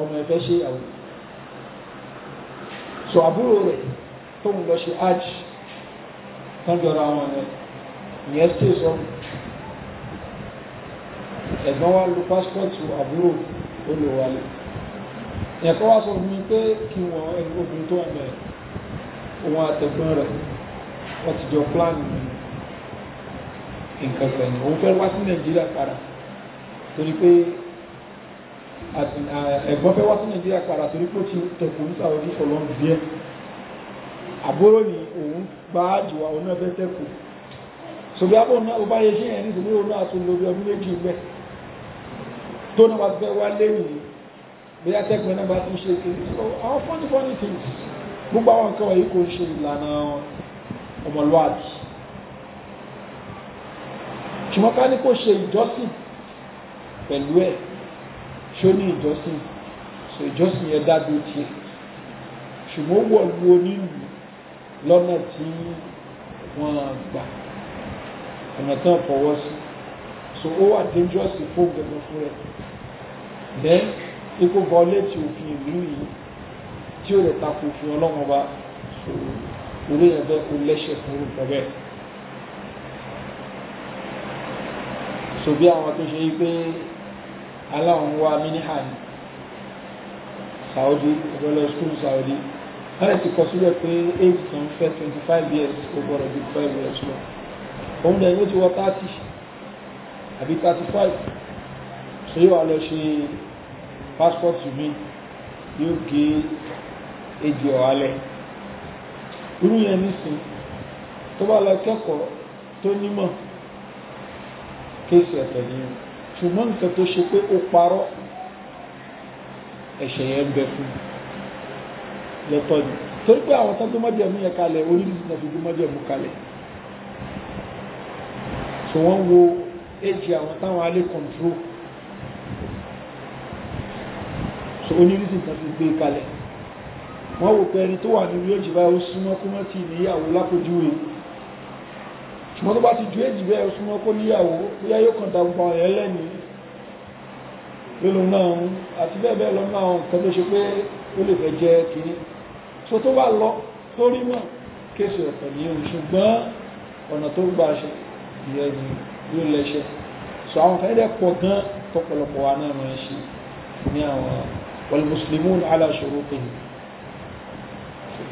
ọmọ ẹ̀fẹ́ ṣe ìyàwó so àbúrò rẹ̀ tóun lọ ṣe hajj tán jọra wọn yẹn ìyẹn sì ẹ̀gbọ́n wa lu pásítọ̀tù àbúrò ó ẹ̀kọ́ wá sọ fún mi pé kí wọ́n ẹni obìnrin tó wà bẹ̀rẹ̀ òun àtẹ̀gbọ́n rẹ̀ wọ́n ti jọ pláàni nǹkan kan ni òun fẹ́ wá sí nàìjíríà padà torí pé ẹ̀gbọ́n fẹ́ wá sí nàìjíríà padà torí pé ó ti tẹ̀kù ní sàwọ́dí fọlọ́n díẹ̀ àbúrò ni òun bá jùwà òun náà fẹ́ tẹ̀kù sọ̀bí abọ́ náà ó bá yẹ ṣe yẹn nítorí òun náà tó lórí ọdún méjì bẹ́ẹ̀ tó náà wá fẹ́ wá léwu bóyá tẹ́kùn náà bá tún ṣe kiri so àwọn funny funny things gbogbo àwọn nǹkan wọ̀nyí kò ṣe ìlànà ọmọlúwàbí ṣùgbọ́n ká ní kó ṣe ìjọsìn pẹ̀lú ẹ̀ ṣó ní ìjọsìn so ìjọsìn yẹn dá dúró tiẹ̀ ṣùgbọ́n wọ̀ lu onílù lọ́nà tí wọ́n gbà ọ̀nà tán fọwọ́ sí so ó wà dangerous fún gbẹ̀gbẹ̀ fún rẹ̀ then ipò bọ́lé tí òfin ìlú yìí tí ó lè takò òfin ọlọ́run ọba orí yẹn bẹ́ẹ̀ kó lẹ́ṣẹ̀ fún orúkọ bẹ́ẹ̀. so bí àwọn tó ṣe yí pé aláwọn wa mínìhà ní Saudi ọ̀dọ́lọ́ school Saudi wọ́n lè ti kọ sílẹ̀ pé age tó ń fẹ́ twenty five years kò gbọ́dọ̀ ju five years lọ òun dẹ̀ yóò ti wọ thirty àbí thirty so yóò lọ ṣe pásítọ̀tù mi yóò gé ejò ọ̀hálẹ̀ irú yẹn nísìn tó bá lọ kẹ́kọ̀ọ́ tó nímọ̀ kéèsì ẹ̀fẹ̀ nìyẹn ṣùgbọ́n nǹkan tó ṣe pé ó parọ́ ẹ̀ṣẹ̀ yẹn ń bẹ fún lẹ́tọ́ ni torí pé àwọn tán tó mọ́jẹ̀mú yẹn kalẹ̀ orílẹ̀ náà fi mọ́jẹ̀mú kalẹ̀ so wọ́n wo èjì àwọn táwọn alẹ́ control onírísìn kan ti gbé kalẹ̀ wọ́n wò pé ẹni tó wà ní ríòjì bá ó súnmọ́ kó mọ́ ti níyàwó lápòjúwe ṣùgbọ́n tó bá ti ju èjì bẹ́ẹ̀ ó súnmọ́ kó níyàwó bóyá yóò kàn dàgbà ọ̀rẹ́ lẹ́ni lónìí náà àti bẹ́ẹ̀ bẹ́ẹ̀ lọ́nà àwọn nǹkan tó ṣe pé ó lè fẹ́ jẹ́ kiri so tó bá lọ tó rí mọ̀ kéṣù ọ̀pọ̀ ní òun ṣùgbọ́n ọ̀nà tó gbà ṣe ìyẹn ló lẹ́ṣẹ̀ so àwọn kan dẹ̀ pọ̀ gan tọ̀pọ̀lọpọ̀ wa náà ní àwọn والمسلمون على شروطهم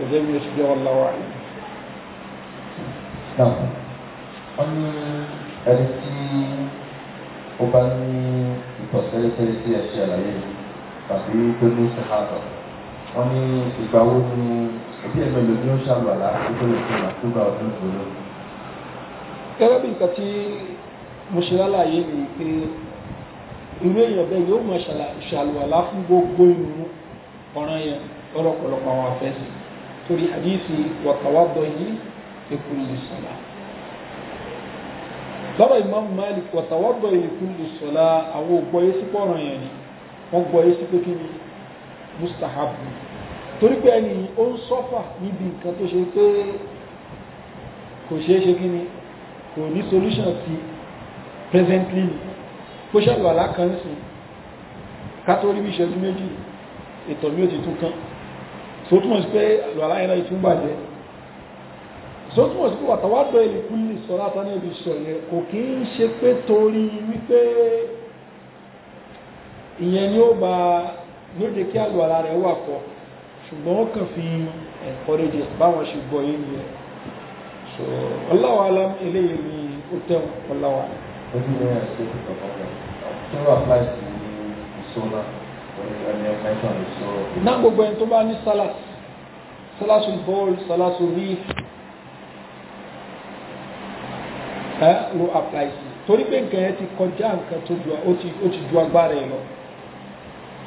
وزي يشجر الله واحد نعم أنا أريد أن أبني أني إباوني أبي أن أبني إن شاء الله لا أبني أن أبني أن أبني أن أبني irú èèyàn bẹ́ẹ̀ yóò mọ̀ ṣàlùwàlá fún gbogbo ìrun ọ̀ràn yẹn lọ́rọ̀pọ̀lọpọ̀ àwọn afẹ́sì torí àdíìsì wàtàwádọ́ yìí likulli sọ̀lá lọ́rọ̀ Imam Malik wàtàwádọ́ yìí likulli sọ̀lá àwọn ògbọ́ yìí sí pọ̀ràn yẹn ni wọ́n gbọ́ yìí sí pé kí ni mustahabu torí pé ẹni ó ń sọ́fà níbi nǹkan tó ṣe pé kò ṣeé ṣe kí ni kò ní solution ti presently ni kó ṣàlù alákan sí kátórí bí ìṣẹ́jú méjì ètò mi ò ti tún kán so túnmọ̀ sí pé àlù aláyẹ̀nà ìtún bàjẹ́ so túnmọ̀ sí pé wàtàwádọ̀ ilẹ̀ kúlì sọ látàní ibi sọ yẹn kò kí ń ṣe pé torí wípé ìyẹn ni ó bá ní ó jẹ́ kí àlù alá rẹ̀ wà pọ̀ ṣùgbọ́n ó kàn fi encourage báwọn ṣe gbọ́ yìí nìyẹn so Allahu eléyìí ni ó tẹ̀wọ̀n Allahu alam tó apply sí ìṣúná ẹni mention ìṣúná. ná gbogbo ẹni tó bá ní salas salasu salas salasu reef ẹ ló apply sí torí pé nǹkan yẹn ti kọjá nǹkan tó ju ó ti ju agbára ẹ lọ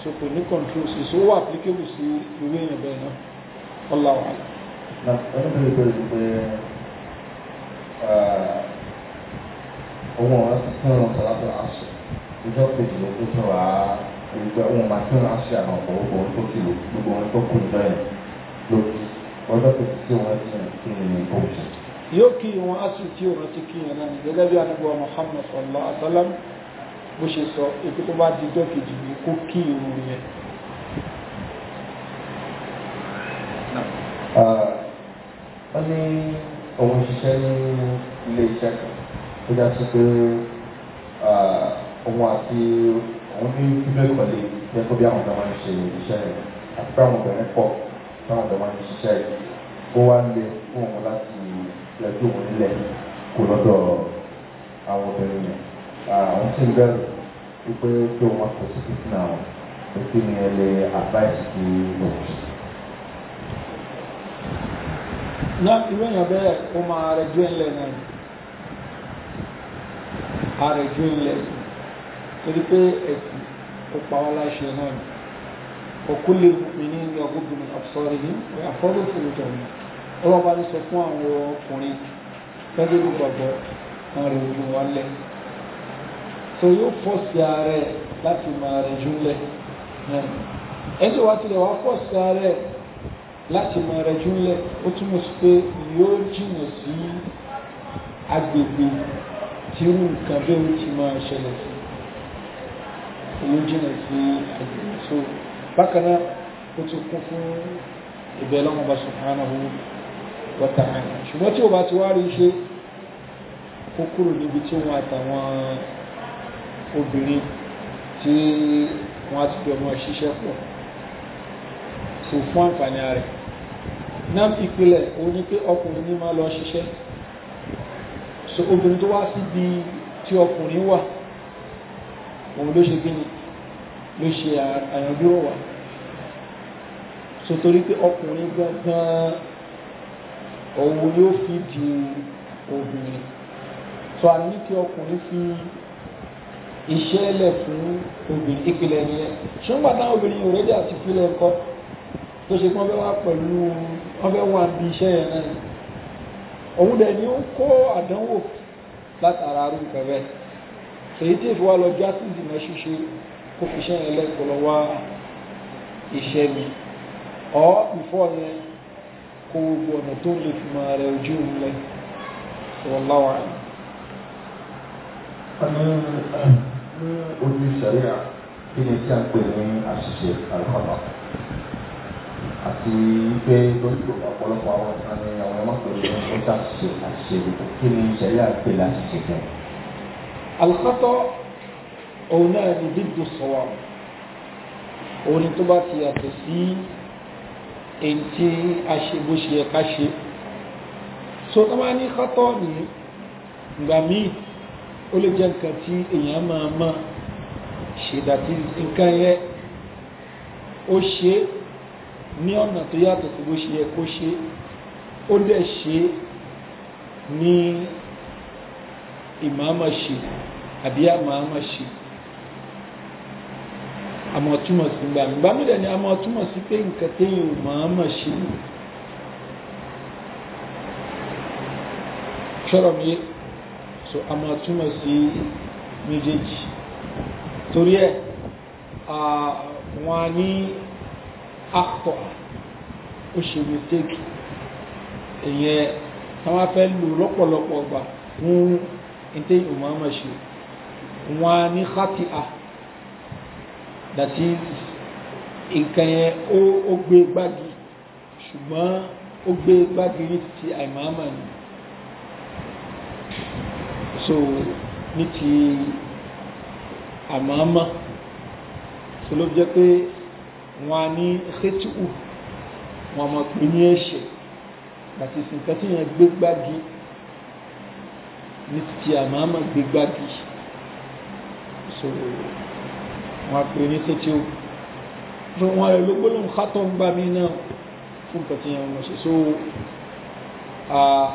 so kò ní control sí so ó wà applicable sí ìwé yẹn bẹ́ẹ̀ náà Allahu a'lam. na ẹni tó lè bẹ̀rẹ̀ pé ohun ọ̀rọ̀ sísẹ́ ọ̀rọ̀ sọ̀rọ̀ àṣẹ ìjọ kejì ló tún wá ìgbà ohun máa tún wá ṣe àwọn ọ̀pọ̀lọpọ̀ ohun tó ti lò gbogbo ohun tó kù jọ yẹn ló ti ọjọ́ kejì tí wọ́n ti rìn Muhammad sallallahu alaihi wasallam bó ṣe sọ èkó tó bá di ìjọ kejì ló kó kí irun yẹn. wọ́n ní òun ṣiṣẹ́ ní ilé como aqui onde ní fífẹ́ kọ̀lé jẹ́ kó a àwọn ọ̀dọ́ máa ń ṣe iṣẹ́ rẹ̀ àti pé àwọn obìnrin pọ̀ táwọn ọ̀dọ́ máa ń ṣiṣẹ́ rẹ̀ ó wá lé fún òun láti yọjú òun nílẹ̀ kó lọ́dọ̀ àwọn obìnrin yẹn àwọn tí ń bẹ̀rù wípé kí òun máa kó sí fífún àwọn òfin ni ẹ lè advice kí lò. náà irú èèyàn bẹ́ẹ̀ ó máa rẹ̀ ju torí pé ẹ̀sìn ó pa wá láṣẹ náà ni òkú lè mí ní ilé ọgọ́gbìn àfọ́rìhìn àfọ́rò fòròjọ mi ọlọ́run bá ní sọ fún àwọn ọkùnrin gẹ́gẹ́ bí gbàgbọ́ kan rẹ̀ ojú wọn lẹ̀ so yóò fọ́ sí ààrẹ láti máa rẹ̀ júlẹ̀ ẹjọ́ wa tilẹ̀ ó nǹkan bẹ́ẹ̀ ó ti máa ṣẹlẹ̀ sí òun jìnà sí àgbèrè so bákan náà ó ti kún fún ìbẹ̀ lọ́wọ́ bá subhanahu wa ta'ala ṣùgbọ́n tí o bá ti wá rí ṣe kó kúrò níbi tí wọ́n àtàwọn obìnrin tí wọ́n ti fi ọmọ ṣiṣẹ́ pọ̀ so fún àǹfààní rẹ̀ náà ìpìlẹ̀ òun ni pé ọkùnrin ní máa lọ ṣiṣẹ́ so obìnrin tó wá síbi tí ọkùnrin wà òun ló ṣe kíni ló ṣe àyànjú ọ̀wà sotori pé ọkùnrin gangan òun yóò fi di obìnrin tó a ní kí ọkùnrin fi iṣẹ́ lẹ̀ fún obìnrin ìpìlẹ̀ nìyẹn ṣùgbọ́n táwọn obìnrin yóò rédí àti ìpìlẹ̀ ẹ̀kọ́ tó ṣe pé wọ́n fẹ́ wá pẹ̀lú wọ́n fẹ́ wá bí iṣẹ́ yẹn náà òun dẹ̀ ni ó kó àdánwò látara arúgbó bẹ́ẹ̀ èyí tí ìfowó lọ já sí ìdìnà ṣíṣe kó fi ṣẹ́ yẹn lẹ́kọ̀ọ́ wá iṣẹ́ mi ọ́ ìfọ́ yẹn kó gbogbo ọ̀nà tó lè fi máa rẹ ojú òun lẹ sọ̀rọ̀láwà rẹ̀. ní ojú sẹ́ríà kí ni tí a ń pè ní àṣìṣe àlùfáà àti pé lóṣù ọ̀pọ̀lọpọ̀ àwọn ọ̀sán ni àwọn ọmọkùnrin ń ṣe àṣìṣe àṣìṣe kí ni sẹ́ríà pè láṣìṣe kẹ́ẹ̀ alukatọ òun náà ni dídò sọwọ òun ni tó bá ti yàtọ̀ sí èyí tí a ṣe bó ṣe yẹ ká ṣe so tó bá ní katọ ni ìgbà míì ó lè jẹ́ nǹkan tí ọ̀nà tó yàtọ̀ sí bó ṣe yẹ kó ṣe ó dẹ̀ ṣe ní ìmáàmà ṣe àbí àmàmà ṣe àmọ́ túmọ̀ sí gbà mí gbà mí dẹ̀ ni àmọ́ túmọ̀ sí pé nǹkan téèyàn màmá ṣe ni ṣọ́rọ̀ mi so àmọ́ túmọ̀ sí méjèèjì torí ẹ̀ wọ́n ní àpọ̀ ó ṣe mistake ìyẹn táwọn afẹ́ lò lọ́pọ̀lọpọ̀ ọgbà fún ntẹ́ umama shi, wọn ní khatia that is nǹkan yẹn O gbé gbági ṣùgbọ́n ó gbé gbági ní ti àìmọ̀ọ́mọ̀ ni so ní ti àmọ́ọ́mọ́ tó ló jẹ́ pé wọn ní khetu wọn mọ̀ pé ní ẹ̀ṣẹ̀ that is nǹkan tí yẹn gbé gbági ní títí àmàmà gbégbági so wọ́n pè ní títí o so wọ́n rẹ̀ lógbólóhùn kátọ̀ ń gbà náà fún kàtí yẹn wọ́n ṣe so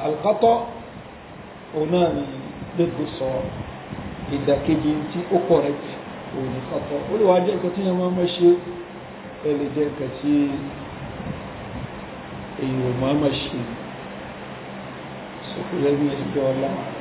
alkátọ̀ òun náà ni gbégbó sọ ìdàkejì tí ó correct òun ni kátọ̀ ó lè wá jẹ́ nǹkan tí yẹn máa máa ṣe ẹ lè jẹ́ nǹkan tí èyí máa máa ṣe so kò yẹ ní ẹgbẹ́ ọlọ́run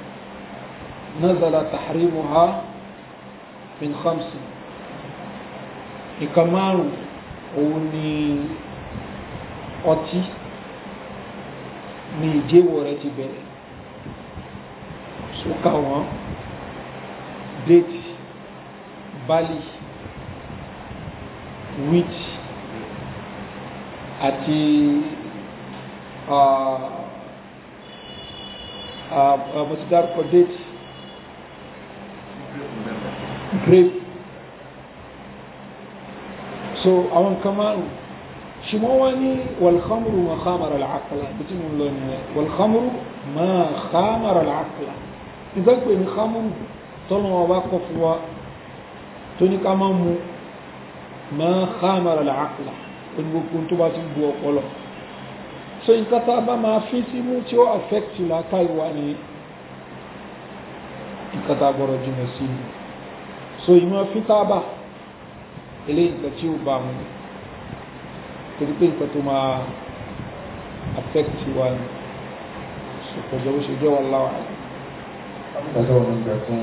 نزل تحريمها من خمس ìkàmárùn òun ni ọtí ni ìjẹ́wọ̀ rẹ̀ ti bẹ̀rẹ̀ ṣúkà wọn déètì bálì wheat àti àbọ̀tí ah, ah, ah, dárúkọ déètì grave so àwọn nǹkan márùn ṣùgbọ́n wọ́n ní wàlhámùrù ma khamara al-aqla bí tí mo lọ nìyẹn wàlhámùrù ma khamara al-aqla ìgbàgbé ní khamuru tọ́nà ọba kọ wa tó ní ká mu ma khamara al-aqla onígbòkú tó bá ti bu so nǹkan tá a bá máa fi sí mú tí ó affect ìlàkà ìwà ni nǹkan tá a gbọ́dọ̀ so ìmọ̀ fitaba eléyìí nǹkan tí ó bá mu torí pé nǹkan tó máa affect wa ni ṣùkọjọ bó ṣe jẹ́ wọn láwa. ọjọ́ òun bẹ fún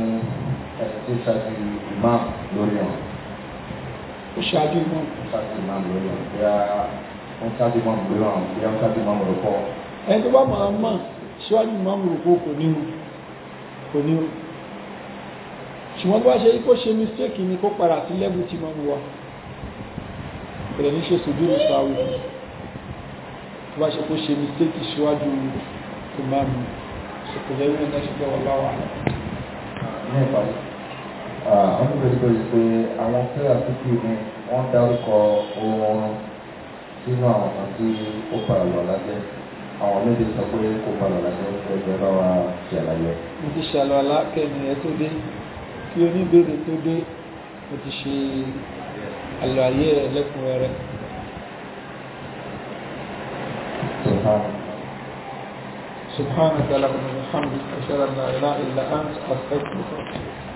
ẹni tí ṣáájú imam lórí ọ̀hún. ó ṣáájú imam. ó imam lórí ọ̀hún bí ó ń imam lórí ọ̀hún bí ó ń imam rẹ̀ pọ̀. ẹni tó bá máa mọ̀ ṣíwájú imam rẹ̀ pọ̀ kò ní o kò ní o ṣùgbọ́n bá ṣe kó ṣe mistake ni kó padà sí lẹ́bù tí mọ́ mú wa rẹ̀ ní ṣe sojú ní sáwù tó bá ṣe kó ṣe mistake ṣíwájú tó máa mú ṣùkùnlẹ̀ ìwé náà ṣe gbọ́wọ́ láwà ní ìbáyé wọ́n ti bẹ̀rẹ̀ sọ pé àwọn fẹ́rẹ̀ àtúntò ni wọ́n dárúkọ oorun sínú àwọn kan tí ó padà lọ sọ pé kó padà lájẹ́ ẹgbẹ́ bá wa ṣàlàyé. mo ti ṣàlọ́ alákẹ́ ni ẹ tó dé kí oníbèrè tó dé ó ti ṣe àlàyé rẹ̀ سبحانك اللهم وبحمدك اشهد ان لا اله الا انت استغفرك